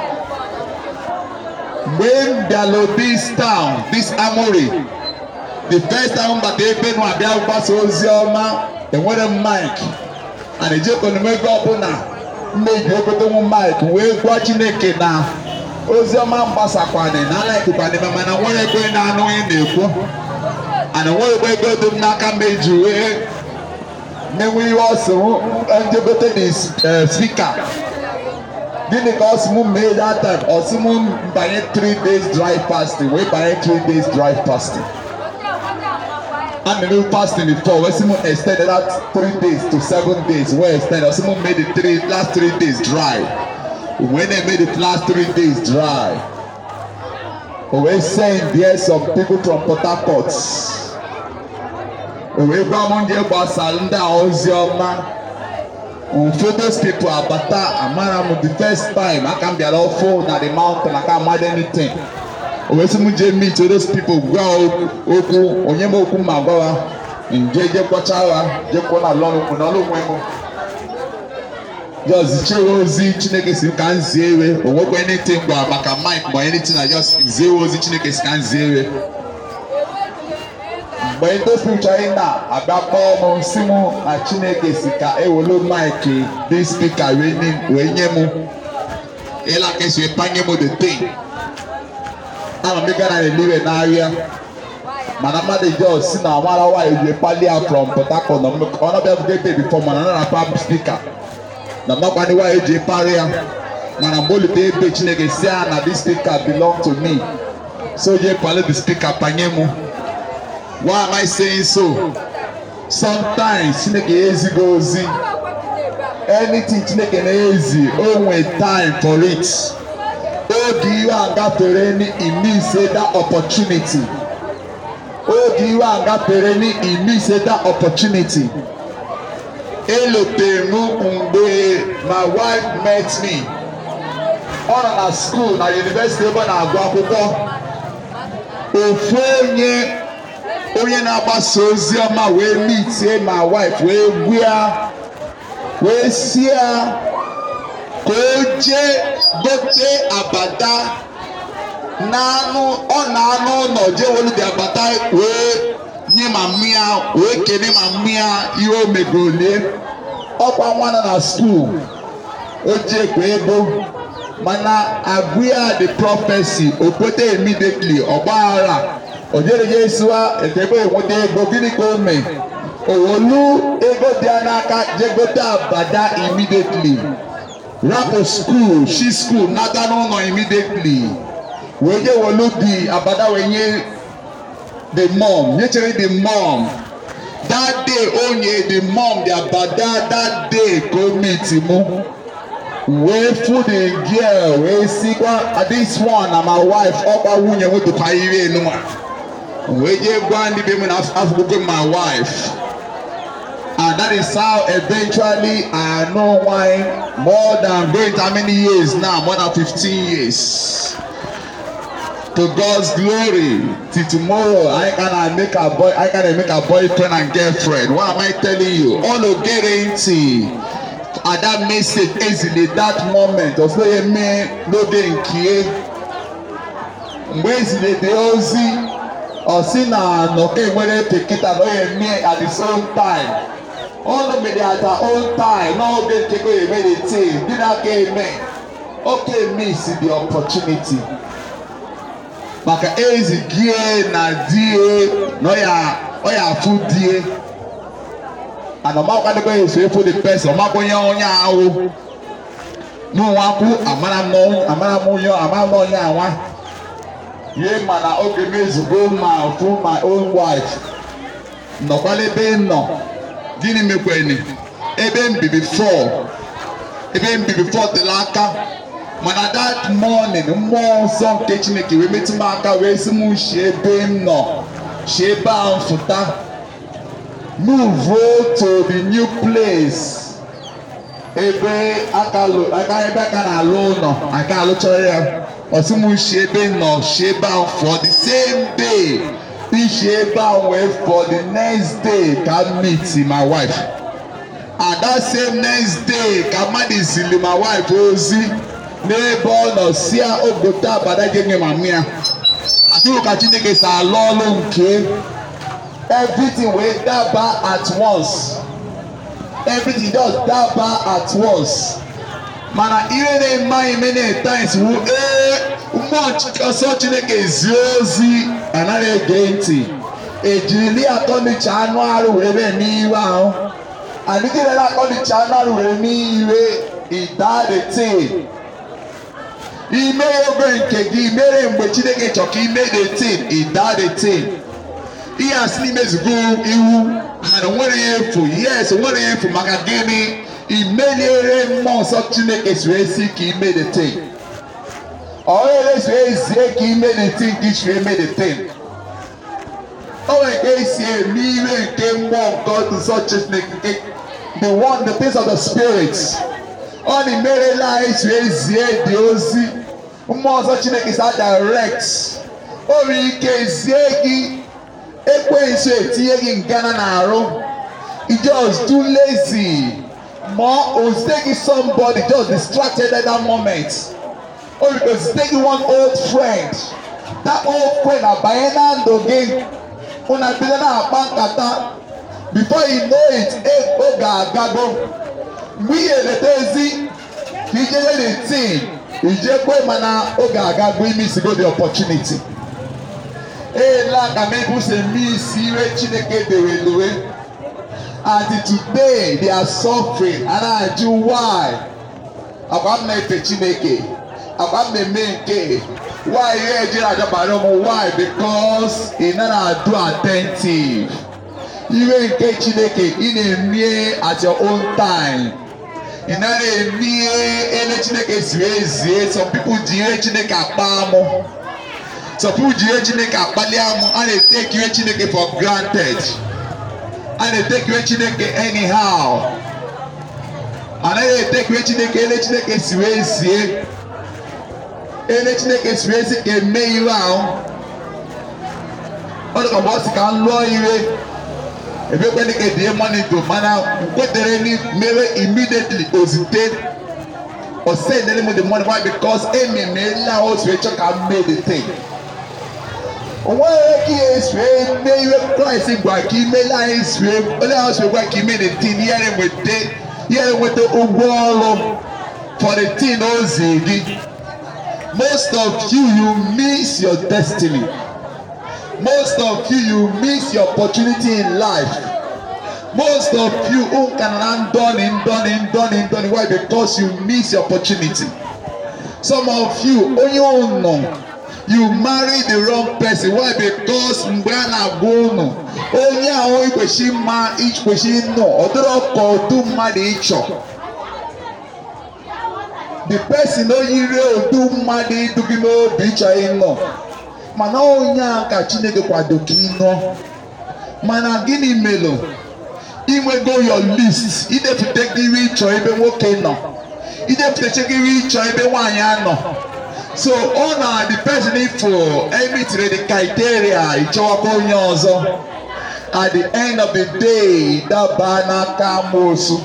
when dalo this town this amori the first time that ebe nu abịa gbasa ozi ọma enwere mic and ejekonumego ọbụla. nne ji egotenwu maịkị wee gwa chineke na oziọma mgbasakwanị na alaikikwanị mana nwere ego ị na-anụ ị na-ekwu ana nwere ego ego dị m n'aka m eji wee menwe ihe ọsị njegote e na e, spika gịnị ka ọsị m mee that time ọsị m banye 3 days drive past wee banye 3 days drive past and the real past before wey simon extend that three days to seven days wey extend that simon make the three last three days dry when dem make the last three days dry owe send there some people from port harcourt owe gwa m ndị gbasara ndị a ozi ọma nfe those people abata amara the first time aka m bịara ọfụ na the mountain aka amadi anything. wee sị m jee meet those pipo, gwa okwu onye m okwu ma gwa ha nje jekwacha ha jekwa na alọnụkwụ n'ọlụ onwe m just chere ozi chineke si ka nzie zie o onwekwa anything gwara maka mike ma anything na just zie ozi chineke si ka nzie zie ewe mgbe ndị spiritual anyị na-abịa kpọọ m si m na chineke si ka ewelu mike dị spika wee nye mụ. m la ka esi panye mụ the thing ama ndị Ghana na-emewe n'ahịa mana mmadụ jos si na nwara nwaanyị wee kpalie from Port Harcourt na ọnọbịa bụgo ebe before mana na na-apa spika na mmakwanye nwaanyị eji kparị ya mana mgbe olite ebe Chineke si ya na this speaker belong to me so je kpali the speaker panye mụ why am I saying so sometimes Chineke ezigo ozi anything Chineke na-ezi o nwee time for it oge iwe agafere imi ise that opportunity oge iwe agafere imi ise that opportunity elotere m mgbe my wife met me ọ nọ na skuul na yunivesiti ebe ọ na-agụ akwụkwọ ofu onye onye na-agbasa ozi ọma wee mitie my wife wee gwia wee sie ya ka o jee gote abata n'anụ ọ na anụ ụlọ jee wolubi abata wee nye ma mmiri wee kene ma mmiri ihe o megole ọkwa nwana na skuul o jee kwa ego mana agụ ya the prophecy okwete immediately ọgbaghara o jere ya esiwa edebe enweta ego gịnị ka o mee owolu ego dị ya n'aka jee abada immediately Lack of school, she school, nada no no immediately. Wege wolo di abada wey wenye the mom, nyechere the mom. That day onye the mom the abada that day go meet him. Wee fu the girl Wey si this one na my wife ọkwa wunye wey dụkwa ire enu a. Wee je gwa ndị be m na afọ my wife that is how eventually I know why more than very how many years now, more than 15 years. To God's glory, till tomorrow, I can I make a boy, I can make a boyfriend and girlfriend. What am I telling you? All of guarantee at that message easily that moment of say eme n'oge nkie mgbe ezile dị ozi ọ sị na nọkọ enwere tekịta na onye eme at the same time. unu mere at their own time n'oge nkekọ emediti ndị na-aka eme oke miss the opportunity maka ezigie na die na ọ ya afụ die ana ọmakwadokwa eso efu the person ọmakwenye onye ahụ n'ụwakwụ amara m amara amara m onye anwa ma fụ ma own wife nọ gịnị mekwenu ebe mbibi fọọ ebe mbibi fọọ dịla aka mana dat morning mmụọ nsọ nke chineke wee metụ m aka wee sị m shi ebe m nọ shi ebe a mfụta move to the new place ebe aka ebe aka na-alụ ụlọ aka alụchara ya ọsị m shi ebe nọ shi ebe a mfụọ the same day this Sheba wait for the next day can meet my wife and that same next day kamadi sili my wife ozi n'ebe ọ nọ si ya obodo abadaje nye mami ya atụrụ ka chineke si alụ ọlụ nke everything wey daba at once everything just daba at once. mana ihe na-eme anyị eme na-eta isi wu ee mmụọ nsọ chineke ezi ozi anaghị ege ntị ejirili atọnicha anụ arụ wee mee n'iwe ahụ anịgidela atọnicha anụ arụ wee mee iwe ịdadete ime obere nke gị mere mgbe chineke chọrọ ka ime detin ịdadete ihe asị n'imezugo iwu ha na nwere ya efu yes nwere ya efu maka gịnị imeliere mmụọ nsọ chineke siri esi ka imelite ohere siri ezie ka imelite nke siri emelite o nwere ka esi eme ire nke mmụọ nke nsọ chineke nke the one the things of the spirit ọ na imerela anyị siri ezie dị ozi mmụọ nsọ chineke sa direct o nwere ike zie gị ekwensu etinye gị ngana n'arụ you just too lazy. ma o taking somebody just distracted at that moment or o taking one old friend that old friend abanye na ndụ gị una bido na-akpa nkata before you know it ego eh, oh ga-agago oh. mgbe ihe eleta ezi ka ije the team ije kwe mana oge agago ime isigo the opportunity eela ka m ebuso eme isi ire chineke deweluwe And today they are suffering and I do why agwa m na-efe chineke agwa m na-eme nke why ihe eji adabara m why because ị nara do attentive iwe nke chineke ị na-emie at your own time ị nara emie ele chineke ziri ezie some people ji ihe chineke akpa amụ some people ji ihe chineke akpali amụ and they take ihe chineke for granted a na-etekiwe chineke anyhow anaghị etekiwe chineke ele chineke si wee zie ele chineke si wee zi ka eme iwe ahụ ọ dịka mgbe ọ sị ka m lụọ iwe ebekwe dịka die monitor mana nkwetere mere immediately ozite o sendere m the money why because emi meela otu echọ ka m mee the thing nwaeke esue nne iwe kraịst gwa ka imela anyị sue onye ahụ so gwa ka ime tin ihe na-enweta ihe ụgwọ ọrụ for the tin o gị most of you you miss your destiny most of you you miss your opportunity in life most of you who can land done in done why because you miss your opportunity some of you onye ụnọ. you marry the wrong person why because mgbe a na-agwa ụnụ, onye ahụ ikwechi mma ikwechi nụ ọdịrọ ka ọdụ mmadụ ịchọ the person onye oyiri ọdụ mmadụ idu gị n'obi ịchọ ịnọ mana onye a ka chineke kwado ka ịnọ mana gịnị melụ inwego your list idepụta gị iwe ịchọ ebe nwoke nọ idepụtacha gị iwe ịchọ ebe nwaanyị anọ so ọ na-depend n'ifo emitiri the criteria ịchọwakwa onye ọzọ at the end of the day ịdaba n'aka amoosu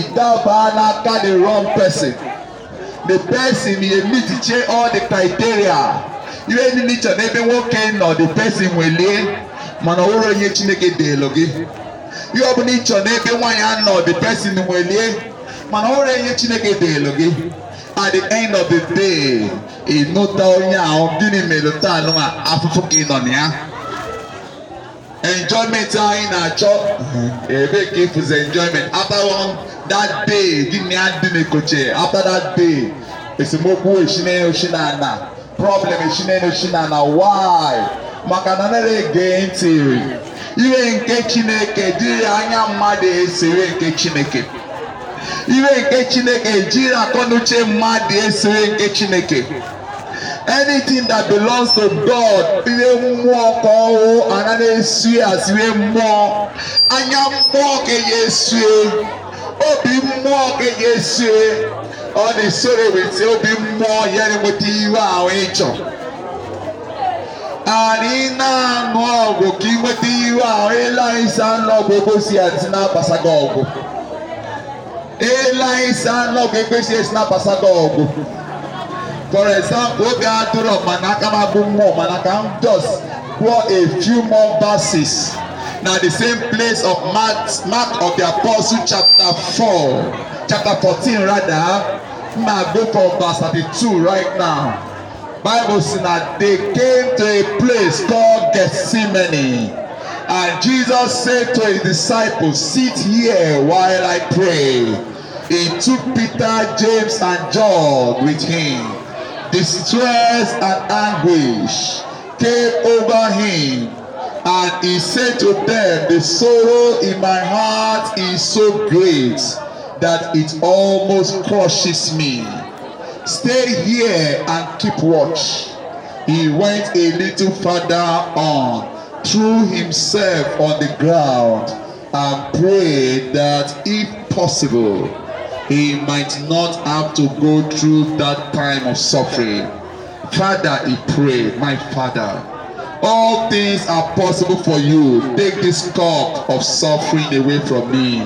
ịdaba n'aka the wrong person the person emitiche all the criteria ihe ndị n'iche n'ebe nwoke nọ the person welie mana ọ wụrụ onye chineke deelu gị ihe ọ bụla ịchọ n'ebe nwaanyị anọ the person welie mana ọ wụrụ onye chineke deelu gị at the end of the day ịnụta onye ahụ gịnị mere taa nụnwa afụfụ gị nọ na ya enjoyment anyị na-achọ ebe ka ịfụzi enjoyment after one that day gịnị ya dị n'ekoche after that day esemokwu eshinene oshinana problem eshinene oshinana why maka na nara ege ntị ire nke chineke dịrị anya mmadụ esere nke chineke iwe nke chineke jiri akọnuche mmadụ esiri nke chineke anything that belongs to God ihe mmụọ ka ọhụụ ana na-esu asịrị mmụọ anya mmụọ ka ya esue obi mmụọ ka ya esue ọ na-esoro eweta obi mmụọ ya na-enweta iwe ahụ ịchọ anyị na-aṅụ ọgwụ ka ị nweta iwe ahụ ịla ịsa anụ ọgwụ ogosi adị na-akpasa gị ọgwụ ịlaisa n'ọgụgbesie si na-abasada ọgụ for example oge adịrọ mana aka m agụ mmụọ mana ka m just pour a few more verses na the same place of mark mark of the apostle chapter four chapter fourteen rather ma go for verse thirty-two right now bible say na they came to a place called gethsemane. And Jesus said to his disciples, Sit here while I pray. He took Peter, James, and John with him. Distress and anguish came over him, and he said to them, The sorrow in my heart is so great that it almost crushes me. Stay here and keep watch. He went a little further on threw himself on the ground and prayed that if possible he might not have to go through that time of suffering. Father, he prayed, my father, all things are possible for you. Take this cup of suffering away from me.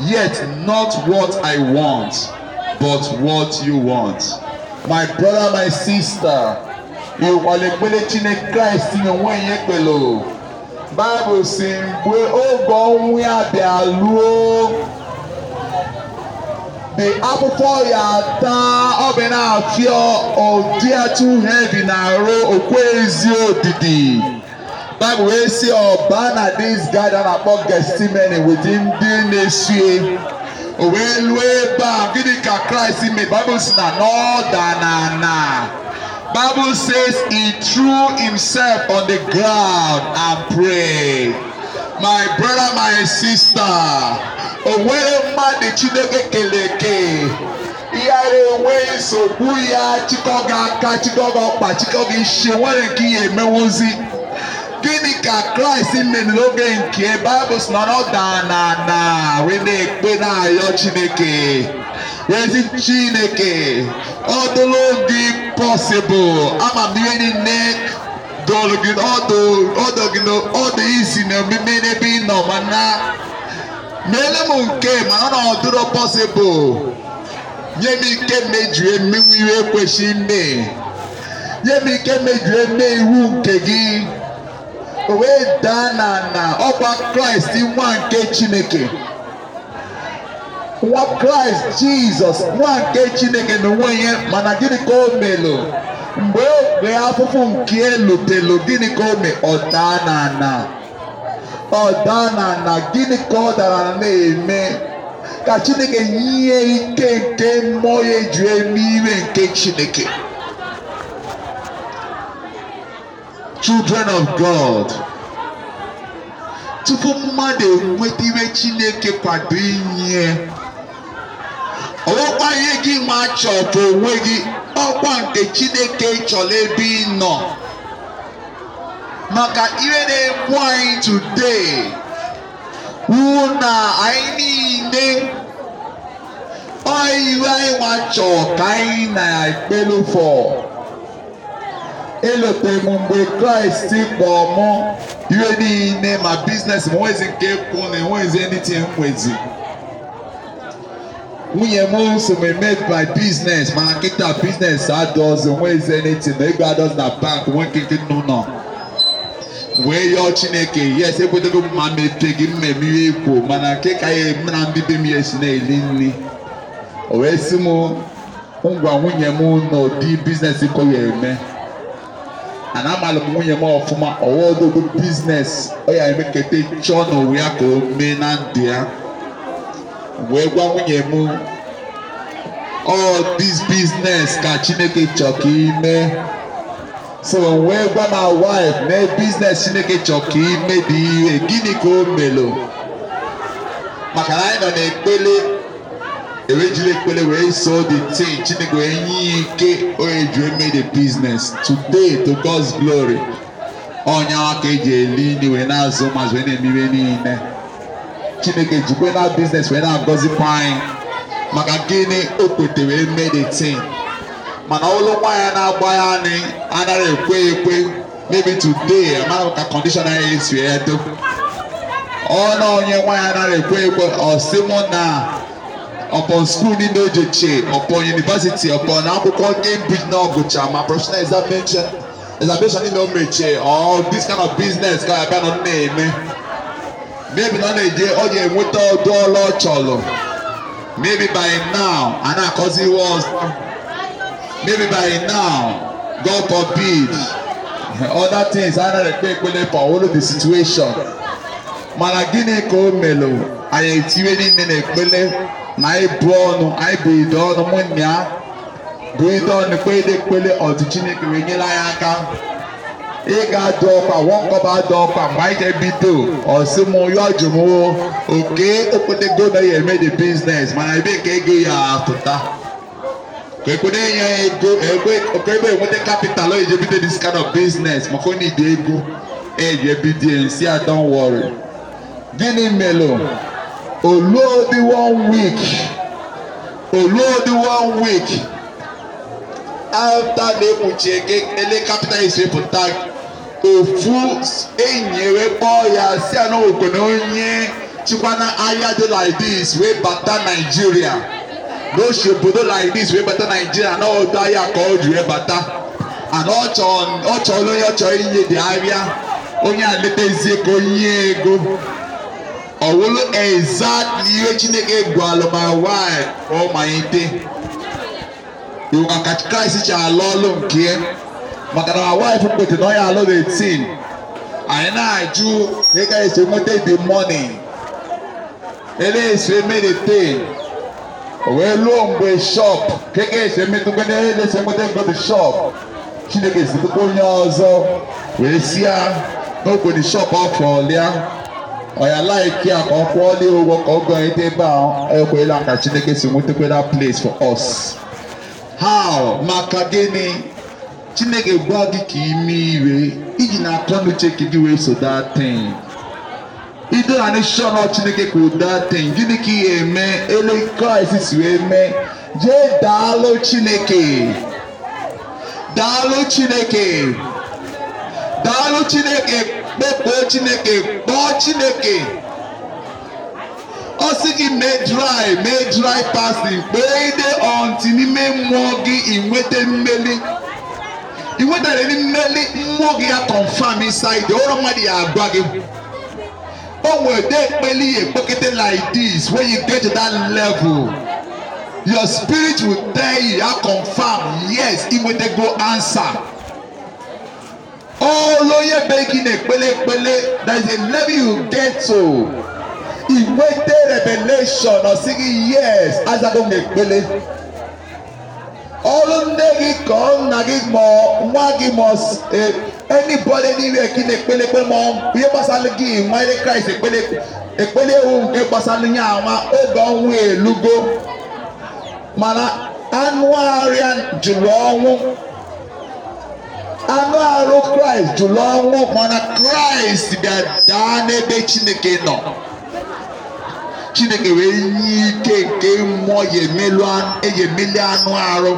Yet not what I want, but what you want. My brother, my sister, ịwale ekpere chineke kraịst n'onwe ya ekpelo baịbụl si mgbe oge ọnwụ ya bịa luo the akwụkwọ ya taa ọ bụ na-afịọ ụdị atụ hevi na-arụ okwe ezi odidi baịbụl wee si ọba na dis gada na-akpọ gestimeni wụdị ndị na-esie o wee luo ebe a gịnị ka kraịst mee baịbụl si na n'ọda na ana Bible says he threw himself on the ground and prayed. My brother, my sister, owere mmadụ Chineke kere eke, ịghara enwe nsogbu ya chịkọga aka chịkọga ọkpa chịkọga isi nwere nke ihe emenwuzi. Gịnị ka Kraịst mere n'oge nke Bible sị nọrọ na na wee na-ekpe na-ayọ Chineke. ezi chineke ọ dịlụ gị pọsịbụl amamihe niile ọdụ gị ọdụ isi na omume n'ebe ị nọ mana meele m nke ma ọ na ọdụrụ pọsịbụl nye m ike mejue eme iwe ekwesị ime nye m ike mejue eme iwu nke gị o wee daa na na ọkwa kraịst nwa nke chineke nwa kraịst jizọs nwa nke chineke n'onwe ihe mana gịnị ka o melụ mgbe ogbe afụfụ nke elutelu gịnị ka o mee ọdaa na ana ọdaa na gịnị ka ọ dara na-eme ka chineke nye ike nke mmụọ ya eju eme ime nke chineke children of god tupu mmadụ enweta iwe chineke kwado inye ọkwa ihe gị ma chọ bụ onwe gị ọkwa nke chineke chọrọ ebe ị nọ maka ihe na-egbu anyị today wụ na anyị niile ọiwe anyị ma chọ ka anyị na-ekpelu fọ elotere m mgbe kraịst kpọọ mụ ihe niile ma biznes m nwezi nke kwụ na enwezi anything nwezi nwunye m so m made by business mana nkịta business adọzi nweze n'eti na ego adọzi na bank nwoke dị nọ. wee yọọ chineke yes ekwetego ma mepee gị mmemme ikwu mana nke ka ya eme na mbibi m ya na-eli nri o wee si m ngwa nwunye m n'ụdị biznes ko ya eme ana amalụ m nwunye m ọfụma ọwadogo biznes ọ ya emeketa chọọ na ụwa ya ka o mee na ndụ ya wee gwa nwunye m all oh, dis biznes ka chineke chọọ ime so wee gwa ma wife mee biznes chineke chọọ ime dị ihe gịnị ka o melo maka na anyị nọ n'ekpele ewejiri ekpele wee so the tin chineke wee nye ike onye ji eme the biznes today to God's glory onye aka eji eli nri wee na-azụ mazụ wee na-eme niile chineke jikwe na business wee na-agọzikwa anyị maka gịnị o kwete wee mee the thing mana ụlọ nwaanyị na-agba ya anyị anaghị ekwe ekwe maybe today amara ka condition anyị esi ya do ọnụ onye nwaanyị anaghị ekwe ekwe ọsị mụ na upon school niile o jeche upon university upon akwụkwọ cambridge na ọgụcha ma professional examination examination niile o mechie ọ oh, this kind of business ka ya bịa nọ na-eme maybe na ọ na-eje ọ ga-enweta ọdụ ọla ọ maybe by now a na-akọzi iwe ọzọ maybe by now God forbid (laughs) other things a na-ekpe ekpere for all the situation mana gịnị ka o melụ anyị etinye n'ime na ekpere na ịbụ ọnụ anyị bụ ide ọnụ mụnne ya bụ ide ọnụ kpee ekpere ọdụ Chineke wee nyere anyị aka ị ga-adụ ọkwa wọkọba adụ ọkwa mgbe anyị ga-ebido ọsịmụ ya ọjụmụ oke okpotego na ya eme the business mana ebe ka ego ya apụta ka ekwede nye ya ego oke ebe enweta capital eji ebido this kind of business maka onye dị ego eji ebido nsi a don worry gịnị melụ oluodi one week oluodi one week after na-ekpuchi ele capital isi pụta ofu enyi kpọọ ya si ya na onye chịkwana ahịa dị like this wee bata naijiria n'oche obodo like this wee bata naijiria na ọdụ ahịa ka ọ ji wee bata ana ọ chọrọ onye ọ chọrọ inye dị ahịa onye a letazie ka onye ego ọ ihe chineke gwalụ ma nwanyị ka ọ iwu kraịst ji alụ ọlụ nke ya maka na wife mkpete na ọya alụ 18 anyị na-ajụ ka ị ga-esi nweta the money ele esi emerete wee lụọ mgbe shop ka ị ga-esi emetụkwa ele esi nweta mgbe shop chineke zitekwa onye ọzọ wee si ya n'ogbenye shop afọ ọlịa ọya laiki a ka ọ kwụọlie ụgwọ ka ọ gọnyete ebe a ekwela ka chineke si nwetekwela place for us how maka gịnị chineke gwa gị ka ime ire iji na akọ n'uche ka gị wee so datin ido na nishọn chineke ka datin gịnị ka ị eme ele kraịst si wee mee jee daalụ chineke daalụ chineke daalụ chineke kpọkpọ chineke kpọọ chineke ọ sị gị mee dry mee dry passing kpee ide ọntị n'ime mmụọ gị ị nweta mmeli iwe da ni mmeli mmụọ gị ya confam inside ụrọ mmadụ ya agwa gị o nwere de ekpeli ekpekete like this when you get to that level your spirit will tell you ya confam yes inwetego answer olóyè bẹ́ẹ̀kì ní pélepéle that is a level you get to ìwé dé revelation ọ̀sìn yes azago ní pélé. ọrụ nne gị ka ọ nna gị ma nwa gị ma enibọdị n'ihu gị na-ekpele ekpele ma ihe gbasara gị nwa ile kraịst ekpele ekpele ewu nke gbasara nye ama oge ọnwụ elugo mana anụ arịa jụrụ ọnwụ anụ arụ kraịst jụrụ ọnwụ mana kraịst bịa daa n'ebe chineke nọ chineke wee nye ike nke mmụọ ya e emele anụ arụ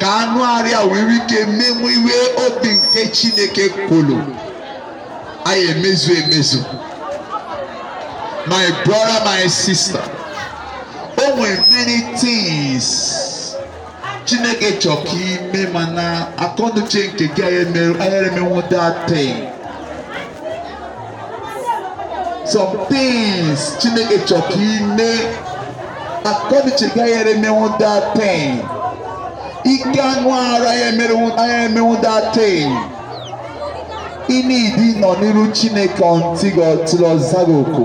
ka anụ arịa ya nwere ike menwe iwe obi nke chineke kwuru anyị emezu emezu my brother my sister o nwere many things chineke chọrọ ime mana akọnuche nke gị anyị emenwu that thing some things chineke chọrọ ka ị mee akọdiche gaghị emenwu that thing ike anụ ara ya emenwu that thing ị na-edi nọ n'iru chineke until ọ zaghị oku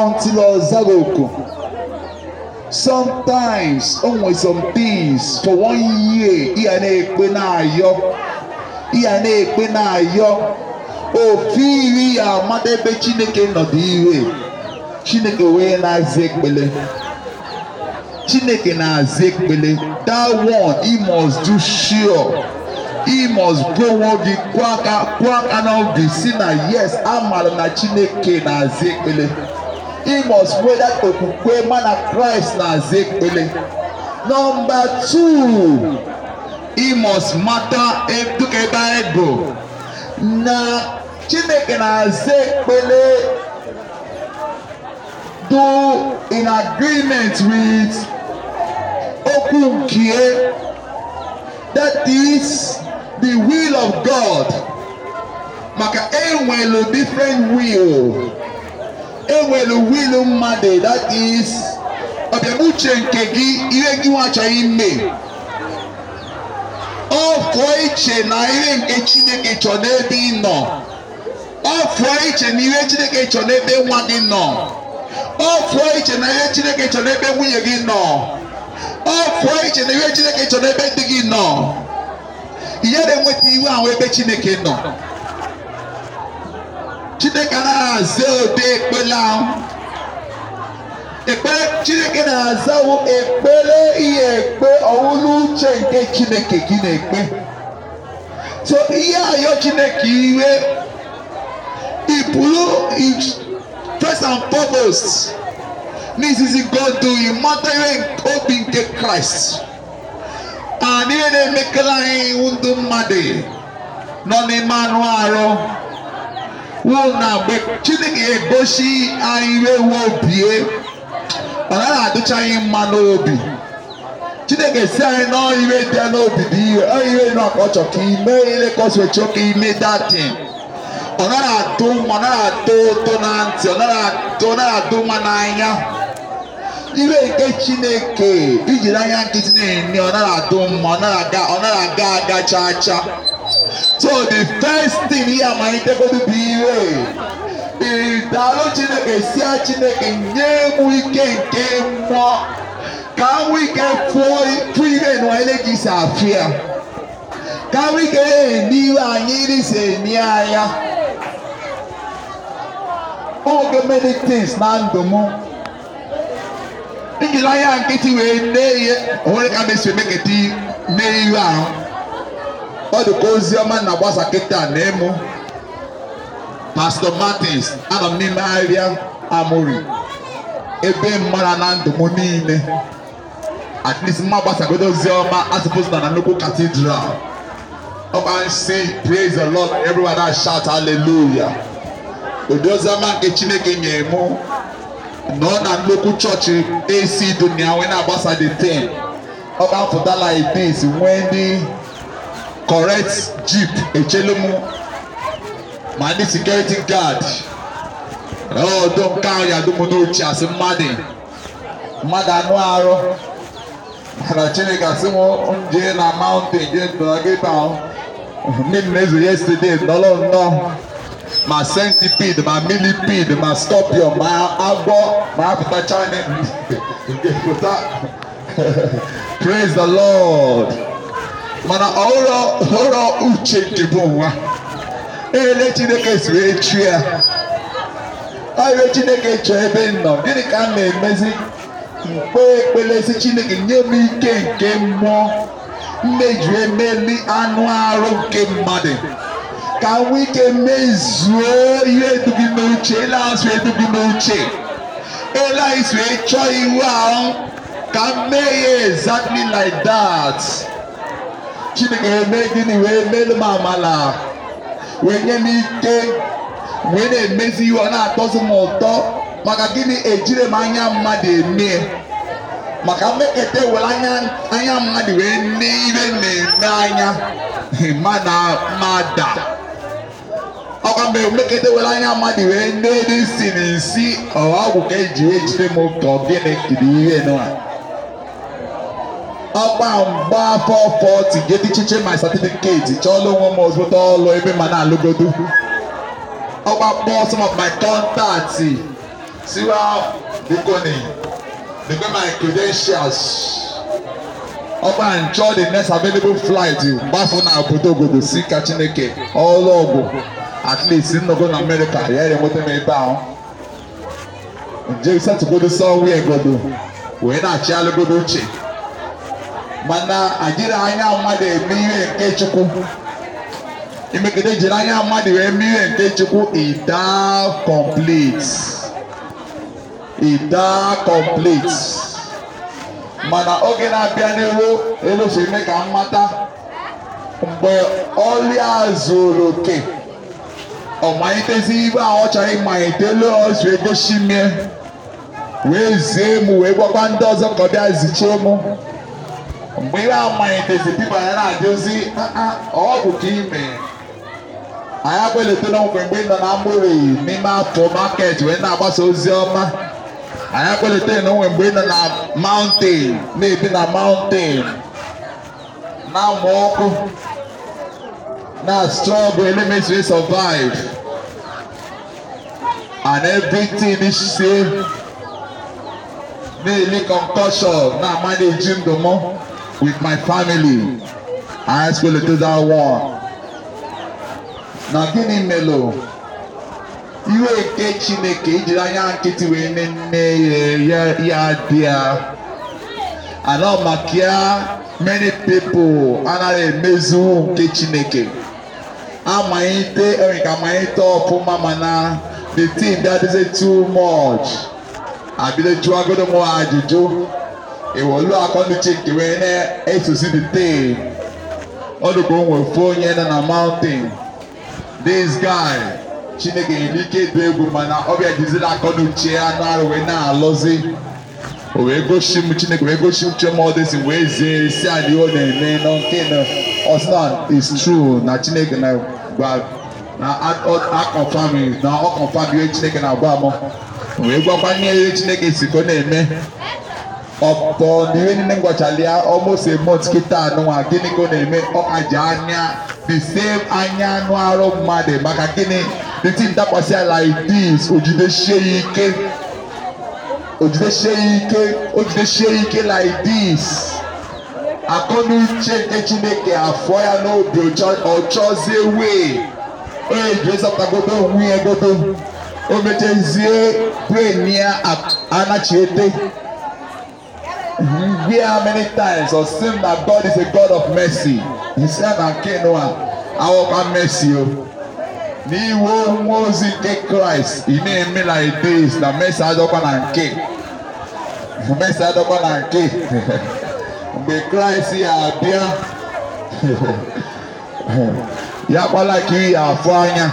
until ọ oku sometimes o nwere some things for one year ị ga na-ekpe na-ayọ ị ga na-ekpe na-ayọ Ofi iri ya amada ebe chineke dị iwe chineke wee na azị ekpele chineke na azị ekpele that one he must do sure he must go nwoke kwụọ aka kwụọ aka n'obi si na yes amara na chineke na azị ekpele he must wear that okwukwe mana Christ na azị ekpele number two he must mata e, ebe anyị na chineke na-aza ekpele do in agreement with okwu nkie that is the will of God maka enwelu different will enwelu will mmadụ that is ọbịamuche nke gị ihe gị nwa achọghị ime Ọ fụọ iche na ihe nke chineke chọ n'ebe ị nọ fụọ iche na ihe chineke chọ n'ebe nwa gị nọ Ọ fụọ iche na ihe chineke chọ n'ebe nwunye gị nọ Ọ fụọ iche na ihe chineke chọ n'ebe di gị nọ ihe na-enweta iwe ahụ ebe chineke nọ chineke anaghị aza ụdị ekpere ahụ ekpere chineke na-azawo ekpere ihe ekpe ọwụlụ uche nke chineke gị na-ekpe so ihe ayọ chineke iwe iburu first and foremost n'izizi godu ịmata ihe obi nke kraịst and ihe na-emekere anyị iwu ndị mmadụ nọ n'ime anụ arụ wụ na mgbe chineke egosi anyị iwe wobie mana a na-adịcha anyị mma n'obi chineke si anyị nọọ iwe dị n'obi bụ ihe ihe nọkọchọ ka ime ile kọswechi ka ime datin ọ naghị atụ mma, ọ naghị atụ ụtụ na ntị ọ naghị atụ na-adụ mma n'anya iwe nke chineke ijiri anya nkịtị na-enye ọ naghị atụ mma ọ naghị aga aga chaa chaa so the first thing ihe amalitegodu bụ iwe ịdaalụ chineke sie chineke nye mụ ike nke mmụọ ka nwee ike tụ ihe nọnyere gị si afụ ya ka nwee ike eni anyị iri si eni anya oge many things na ndụ m njiri anya nkịtị wee nee ihe onwere ka mesi emeketa mee ihu ahụ ọ dị ka ozi ọma na-agbasa kịta na ịmụ Pastor Martins anọ m n'ime ahịrịa Amori ebe mara na ndụ m niile at least mma gbasagodo ozi ọma asụpụta na nnukwu cathedral ọkpa si praise the Lord everyone that shout hallelujah ụdị ozi nke Chineke nyere mụ nọ na nnukwu chọọchị AC dunia wee na-agbasa the ten ọkpa mfụta like this nwee ndị correct jeep echelu ma ndị sekuriti gaad ọdụ oh, nke ahụ ya dum n'uche asị mmadụ mmadụ anụ arụ mana chineke asị m nje na maụntịn je ndọrọgịta ndị m mezuru nọrọ nnọọ ma centipede ma millipede ma scorpion ma agwọ ma nke pụta praise the lord mana ọhụrụ uche nke bụ nwa ele eh, chineke siri echi ya ọrịa chineke chọ ebe nọ gịnị ka m na-emezi mkpe ekpelesi chineke nye m ike nke mmụọ mmeju emeli anụ arụ nke mmadụ ka nwee ike mezuo ihe edugi n'uche ele azụ edugi n'uche ele anyị si iwu ahụ ka m mee ya exactly like that chineke eme gịnị wee melu m amala wee nye m ike wee na-emezi iwe ọ na-atọzi m ụtọ maka gịnị ejire m anya mmadụ eme maka mmeketa were anya mmadụ wee nne ire na-eme anya mana mada ọkwa mgbe mmeketa were anya mmadụ wee nne si na isi ọgwụ ka eji ejire m ka ọ gịnị kiri ihe nwa ọgba mgba afọ 40 ga-edichiche my certificate chọọla onwe m ozụta ọlụ ebe ma na-alụgodu ọgba kpọọ some of my contacts siwa Bukoni bikoni my credentials ọgba nchọ the next available flight mgbafọ na obodo obodo si ka chineke ọlụ ọgwụ at least nnogo na amerịka ya enweta m ebe ahụ nje satụgodo sọnwụ egodo wee na-achị alụgodo uche mana ajiri anya mmadụ eme nke chukwu imegide jiri anya mmadụ wee mee ihe nke chukwu ịda complete ịda complete mana oge na-abịa n'ihu eluso eme ka mmata mgbe ọrịa zuru oke ọmalitezi ibe a ọ chọrọ ịmalitelu ọzọ egosi mie wee zie m wee gwakwa ndị ọzọ ka ọ bịa zichie mụ mgbe ya amaghị tezi pipa ya na-ajụzi ọgwụ ka ime anyị agbalịtela mgbe mgbe nọ na mgbere n'ime atụ maket wee na-agbasa ozi ọma anyị agbalịtela na onwe mgbe nọ na maụntin na-ebi na maụntin na-amụ ọkụ na strọgụ elements wey survive and everything sie na-eli concussion na-amanyeji ndụmọ with my family. I ask school to that war. Na gịnị melụ iwe eke Chineke ijiri anya nkịtị wee nne nne ya ya dị ya ana maka ya many people anaghị emezu nke Chineke amalite enwe ka amalite ọfụma mana the team that is too much abido jụọ agodo m ajụjụ iwolu akọnuche nke wee na-esosi the tail ọdụka onwefu onye nọ na mountain this guy chineke nyere ike ịdụ egwu mana ọbịa jiziri akọnuche ya na-arụ wee na-alọzi o wee gosi m chineke wee gosi m chioma ọ ọdịsi wee zie si adị ọ na-eme nọ nke na ọsna is true na chineke na gwa na akọfam na ọkọfam ihe chineke na-agba m wee gwakwa ihe chineke si ka ọ na-eme ọpọ n'ihe nne ngwachalia almost a month kịta anụ a gịnị ka ọ na-eme the same anya anụ arụ mmadụ maka gịnị the thing dakwasị ya like this ojidesie ya ike ojidesie ya ike ojidesie ya ike like this akọnuche nke chineke afọ ya n'obi ọchọzie wee eji ezọpụtagodo onwe ya godo o mechezie bren ya anachiete hear how many times or seen that God is a God of mercy. He said "I na nke Noah, awọkwa mercy o. Oh. N'iwu nwa ozi nke Kraịst, ị na-eme like this na mercy adọkwa na nke. Mercy adọkwa na nke. Mgbe Christ (laughs) ya abịa, ya kpala like you afụ anya.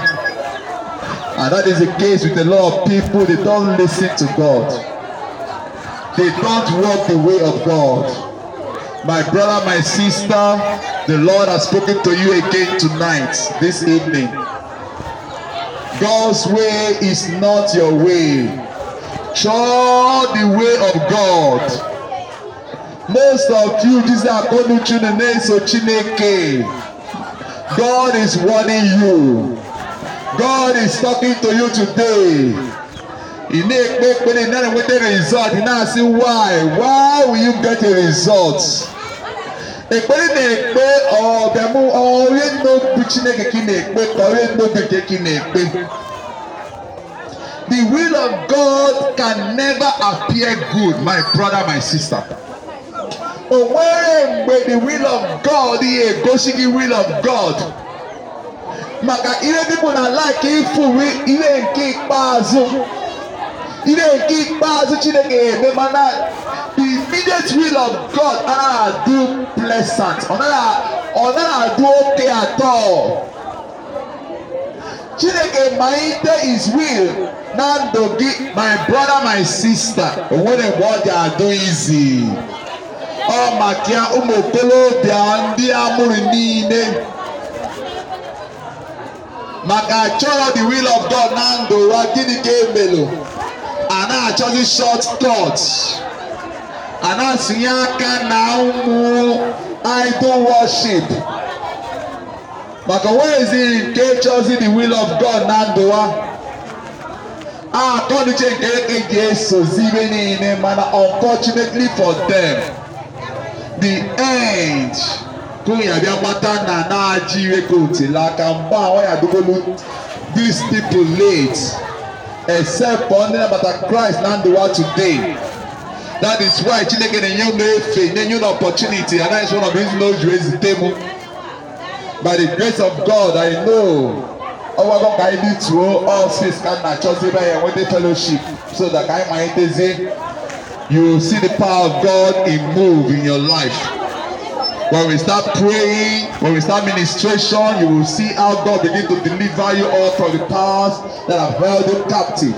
And that is the case with a lot of people, they don't listen to God. They don't walk the way of God. My brother, my sister, the Lord has spoken to you again tonight, this evening. God's way is not your way. Show the way of God. Most of you, these are going to Chineke. God is warning you. God is talking to you today ilé pé pélé náà ni wọ́n tẹ̀ result náà sí why why will you get a result? ekpere na-ekpe ọbịamụ onye n'okwu chineke ka ị na-ekpe ka onye n'obi nke ka the will of God can never appear good my brother my sister o nwere mgbe the will of God ihe egosi the will of God maka ihe dịbụ na ala ka ịfụ ihe nke ikpeazụ ị na-nke ikpeazụ chineke eme mana the immediate will of god anaghị adụ pleasant ọ naghị adụ oke atọ chineke malite is will na ndụ gị my brother my sister o nwere mgbe ọ dị adụ izi ọ maka ya ụmụ okorobịa ndị amụrụ niile maka chọrọ the will of god na ndụ ụwa gịnị ka emelụ a na-achọghị shortcut a na-atụnye aka na ụmụ idol worship maka wezi nke chọzi the will of God na ndụ ha akọnuche ah, nke eke ga-esozi ibe niile mana unfortunately for them the end kụnya bịa gbata na na-ajị iwe ka otila aka mgbe ahụ ya dogolu This people late except for ndị nabata kraịst na ndụwa today that is why chineke na-enye unu efe na-enye unu opportunity and that is one of his no ju ezite m by the grace of god i know ọgwagọ ka anyị dịtuo all six ka nna chọzi ebe anyị enweta fellowship so that ka anyị malitezie you see the power of god in move in your life. When we start praying, when we start ministration, you will see how God begin to deliver you all from the powers that have held you captive.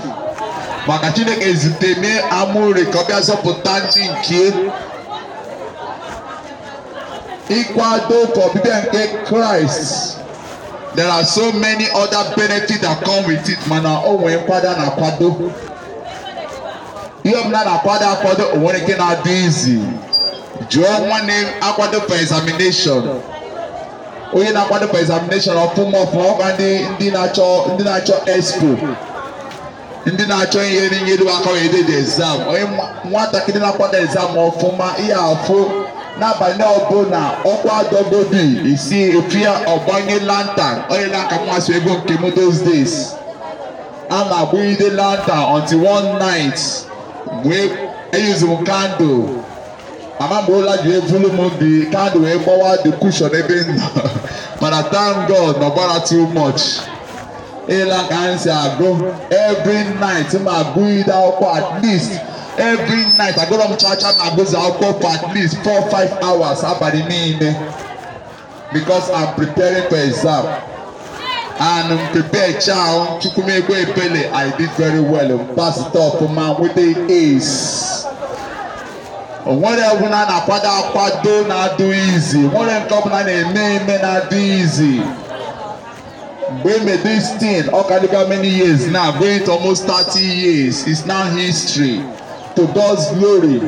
Maka Chineke ezite mee amụrụ ka ọ bịa zọpụta ndị nke ịkwado ka ọbịbịa nke Kraịst. There are so many other benefits that come with it mana o nwee nkwado na akwado. Ihe ọbụla na-akwado akwado o nwere ike na-adị izi. jụọ nwanne akwado for examination onye na-akwado for examination ọfụmọfụ ọkwa ndị ndị na-achọ ndị na-achọ expo ndị na-achọ ihe n'inyere aka wee dị exam onye nwatakịrị na-akwado exam ọfụma ihe afụ n'abalị ọbụla ọkwa dọbobi isi efi ya ọgbanye lantern onye na-aka mmasị ego nke m those days a na-agbụgide lantern until one night mgbe eyuzi m kandụl mama bụrụla ji evulu m dị kaadị wee gbawa the cushion ebe But I thank god na ọgbara too much ịla ka anyị si every night ma agụide akwụkwọ at least every night agụrọ m chacha na agụzi akwụkwọ for at least four five hours abalị niile because i'm preparing for exam and um, prepare chow chukwumegwe ebele i did very well um, pass it up um, with the ace onwere ọbụla na-akwado akwado na-adụ izi nwere nke ọbụla na-eme eme na-adụ izi mgbe emedo ọkadịba many years now going almost 30 years is now history to God's glory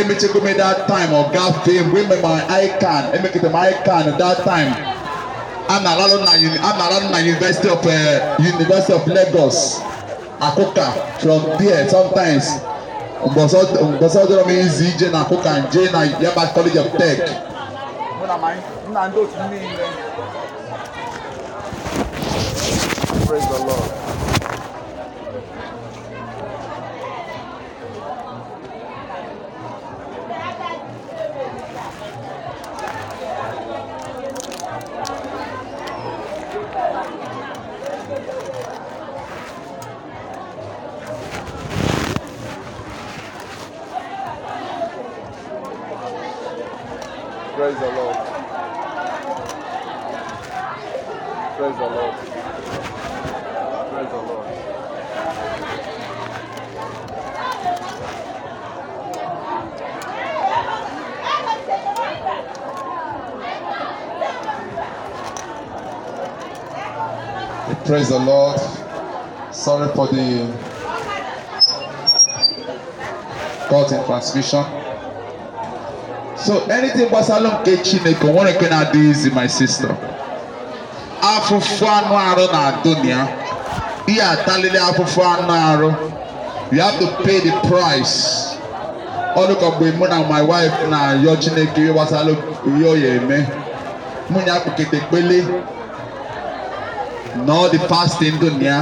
emechekome that time of God fame mgbe eme my ican emekete m ican that time a na-alalụ na University of uh, University of Lagos Akoka from there sometimes mgbọsọ dọrọ m izu ije na kụka nje na Yaba College of Tech Praise the Lord. Praise the Lord. Sorry for the cut in transmission. So anything gbasalo nke Chineke nwere nke na-adị easy my sister. Afụfụ anụ arụ na-adụ na ya. Ihe atalili afụfụ anụ arụ. You have to pay the price. ọlụkọ mgbe mụ na my wife na-ayọ Chineke gbasara ihe ọ ya eme mụ na akpụkete kpele na ọ dị fasting ndụ ya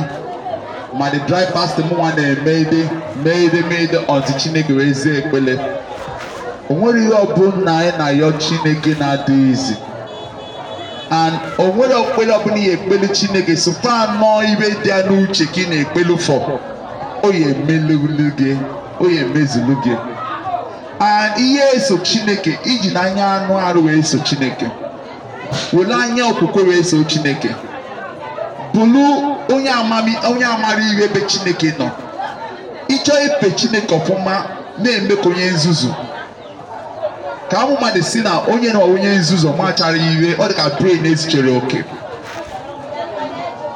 ma the dry fasting nwa na-eme ede mee ede mee ede ọtụ chineke wee zie ekpele o nwere ihe ọbụla na anyị na-ayọ chineke na-adịghị izi and o nwere okpukpere ọbụla ihe ekpelu chineke so sụpa anọ ibe dị ya uche ka ị na ụfọ o ya emelulu gị o ya emezulu gị and ihe eso chineke iji na anya anụ arụ wee so chineke were anya okwukwe wee so chineke bụrụ onye amara iwe ebe chineke nọ chọọ ife chineke ọfụma na-eme ka onye nzuzu ka amụma mmadụ si na onye na onye nzuzu machara iwe ọ dịka ka brain oke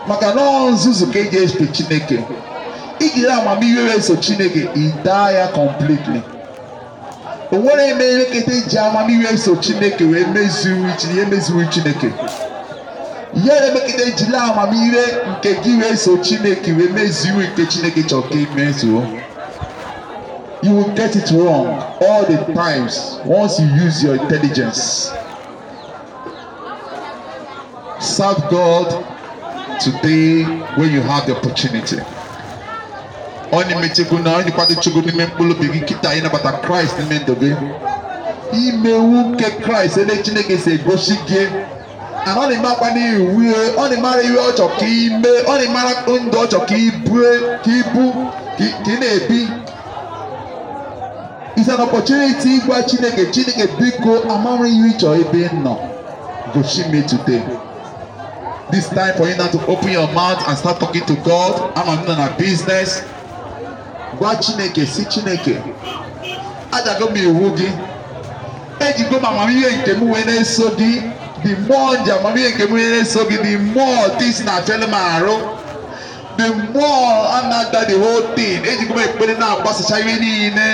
maka na nzuzu ka eji efe chineke ijiri amamihe eso chineke ịdaa ya completely o nwere eme elekọta iji amamihe eso chineke wee mezuo iche chineke megide jiri amamihe nke gị wee so chineke wee mezuo nke chineke chọrọ ka you will get it wrong all the times once you use your intelligence serve god today when you have the opportunity onye mechekwu na onye kwadochego n'ime mkpụrụ obi gị kịta ịnabata kraịst n'ime ndụ gị imewu nke kraịst ebe chineke si egosi gị ana ọ na-emakwa n'iwe ọ na-emara iwe ọchọ ka ime ọ na-emara ndụ ọchọ ka ibue ka ibu is an opportunity ịgwa chineke chineke biko amara ihe ịchọ ebe nọ goshi me today this time for you now to open your mouth and start talking to god ama m nọ na business gwa chineke si chineke adago m iwu gị ejigo m amamihe nke m wee na-eso gị the more njem ọbịa nke mmiri na-eso gị the more this na-achọlị m arụ the more a na-ada the whole thing ejikwa m ekpere na-agbasacha ihe niile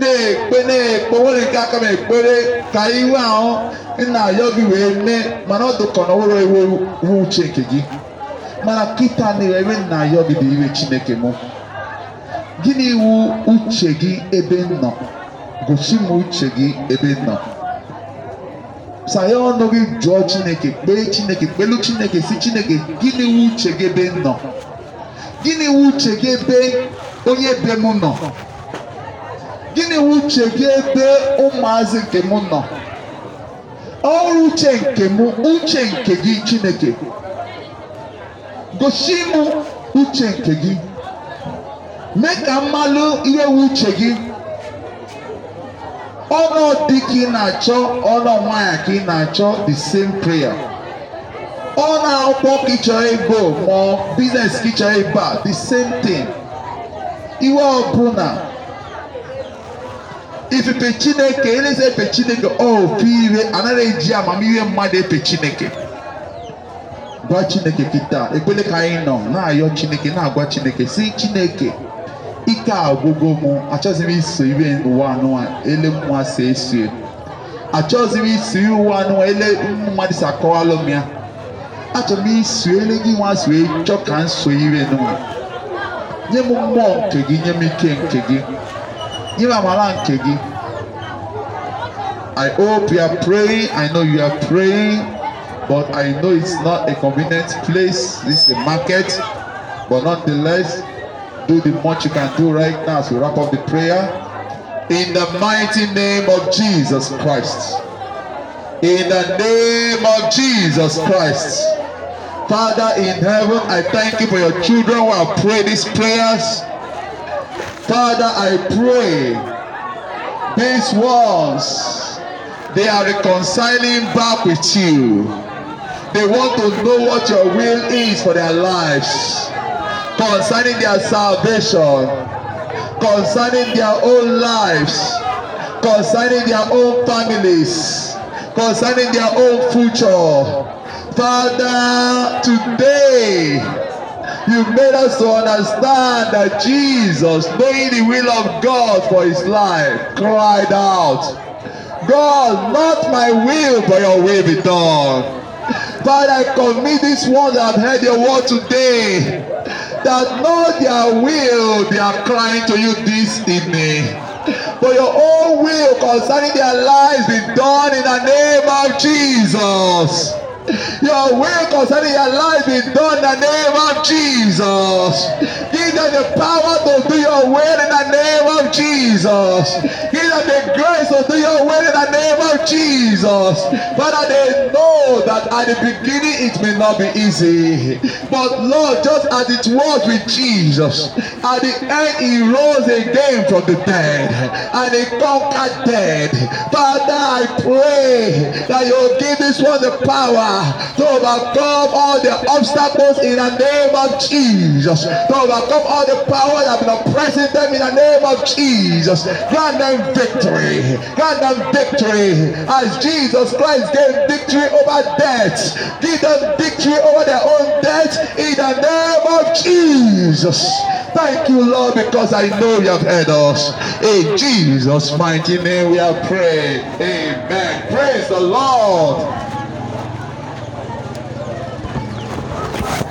na-ekpe na-ekpe nwere ike aka m ekpere ka iwe ahụ na-ayọ gị wee mee mana ọ dịkọ na ọhụrụ iwe uche nke gị mana kịta na ebe na-ayọ gị dị iwe chineke mụ gịnị iwu uche gị ebe nọ gosi m uche gị ebe nọ saya ọnụ gị jụọ chineke kpee chineke kpelu chineke si chineke gịnị wu uche gị ebe nọ gịnị wu uche gị ebe onye ebe m nọ gịnị wu uche gị ebe ụmụazị nke m nọ ọrụ uche nke m uche nke gị chineke gosi m uche nke gị mee ka mmalụ ihe wu uche gị ọnụ dị ka ị na-achọ ọnụ nwaanyị ka ị na-achọ the same prayer ọ na-akwụkwọ ka ị chọrọ ego ma biznes ka ị chọrọ a the same thing iwe ọbụla ifufe chineke elezi efe chineke fi ire anaghị eji amamihe mmadụ epe chineke gwa chineke kịta ekwele ka anyị nọ na-ayọ chineke na-agwa chineke si chineke ike agwụgo m achọghịzi m iso iwe ụwa anụwa ele mmụọ si esie achọghịzi m iso iwe ụwa anụwa ele mmadụ si akọwalụ m ya achọrọ m iso ele gị nwa si wee chọọ ka m so iwe nụwa nye m mmụọ nke gị nye m ike nke gị nye m amara nke gị I hope you are praying. I know you are praying, but I know it's not a convenient place. This is a market, but nonetheless, do the much you can do right now as we wrap up the prayer. In the mighty name of Jesus Christ. In the name of Jesus Christ. Father in heaven, I thank you for your children who have prayed these prayers. Father, I pray these words, they are reconciling back with you. They want to know what your will is for their lives. concerning their salvation, concerning their own lives, concerning their own families, concerning their own future. Father, today you made us to understand that Jesus, knowing the will of God for his life, cried out, God, not my will, but your will be done. Father, I commit this one I've heard your word today that know their will, they are crying to you this evening. For your own will concerning their lives be done in the name of Jesus. Your will concerning your life is done in the name of Jesus. Give them the power to do your will in the name of Jesus. Give them the grace to do your will in the name of Jesus. Father, they know that at the beginning it may not be easy. But Lord, just as it was with Jesus, at the end he rose again from the dead and he conquered death. Father, I pray that you'll give this one the power to overcome all the obstacles in the name of Jesus, to overcome all the power that been oppressing them in the name of Jesus. Grant them victory. Grant them victory. As Jesus Christ gave victory over death, give them victory over their own death in the name of Jesus. Thank you, Lord, because I know you have heard us. In Jesus' mighty name we have prayed. Amen. Praise the Lord. Come on.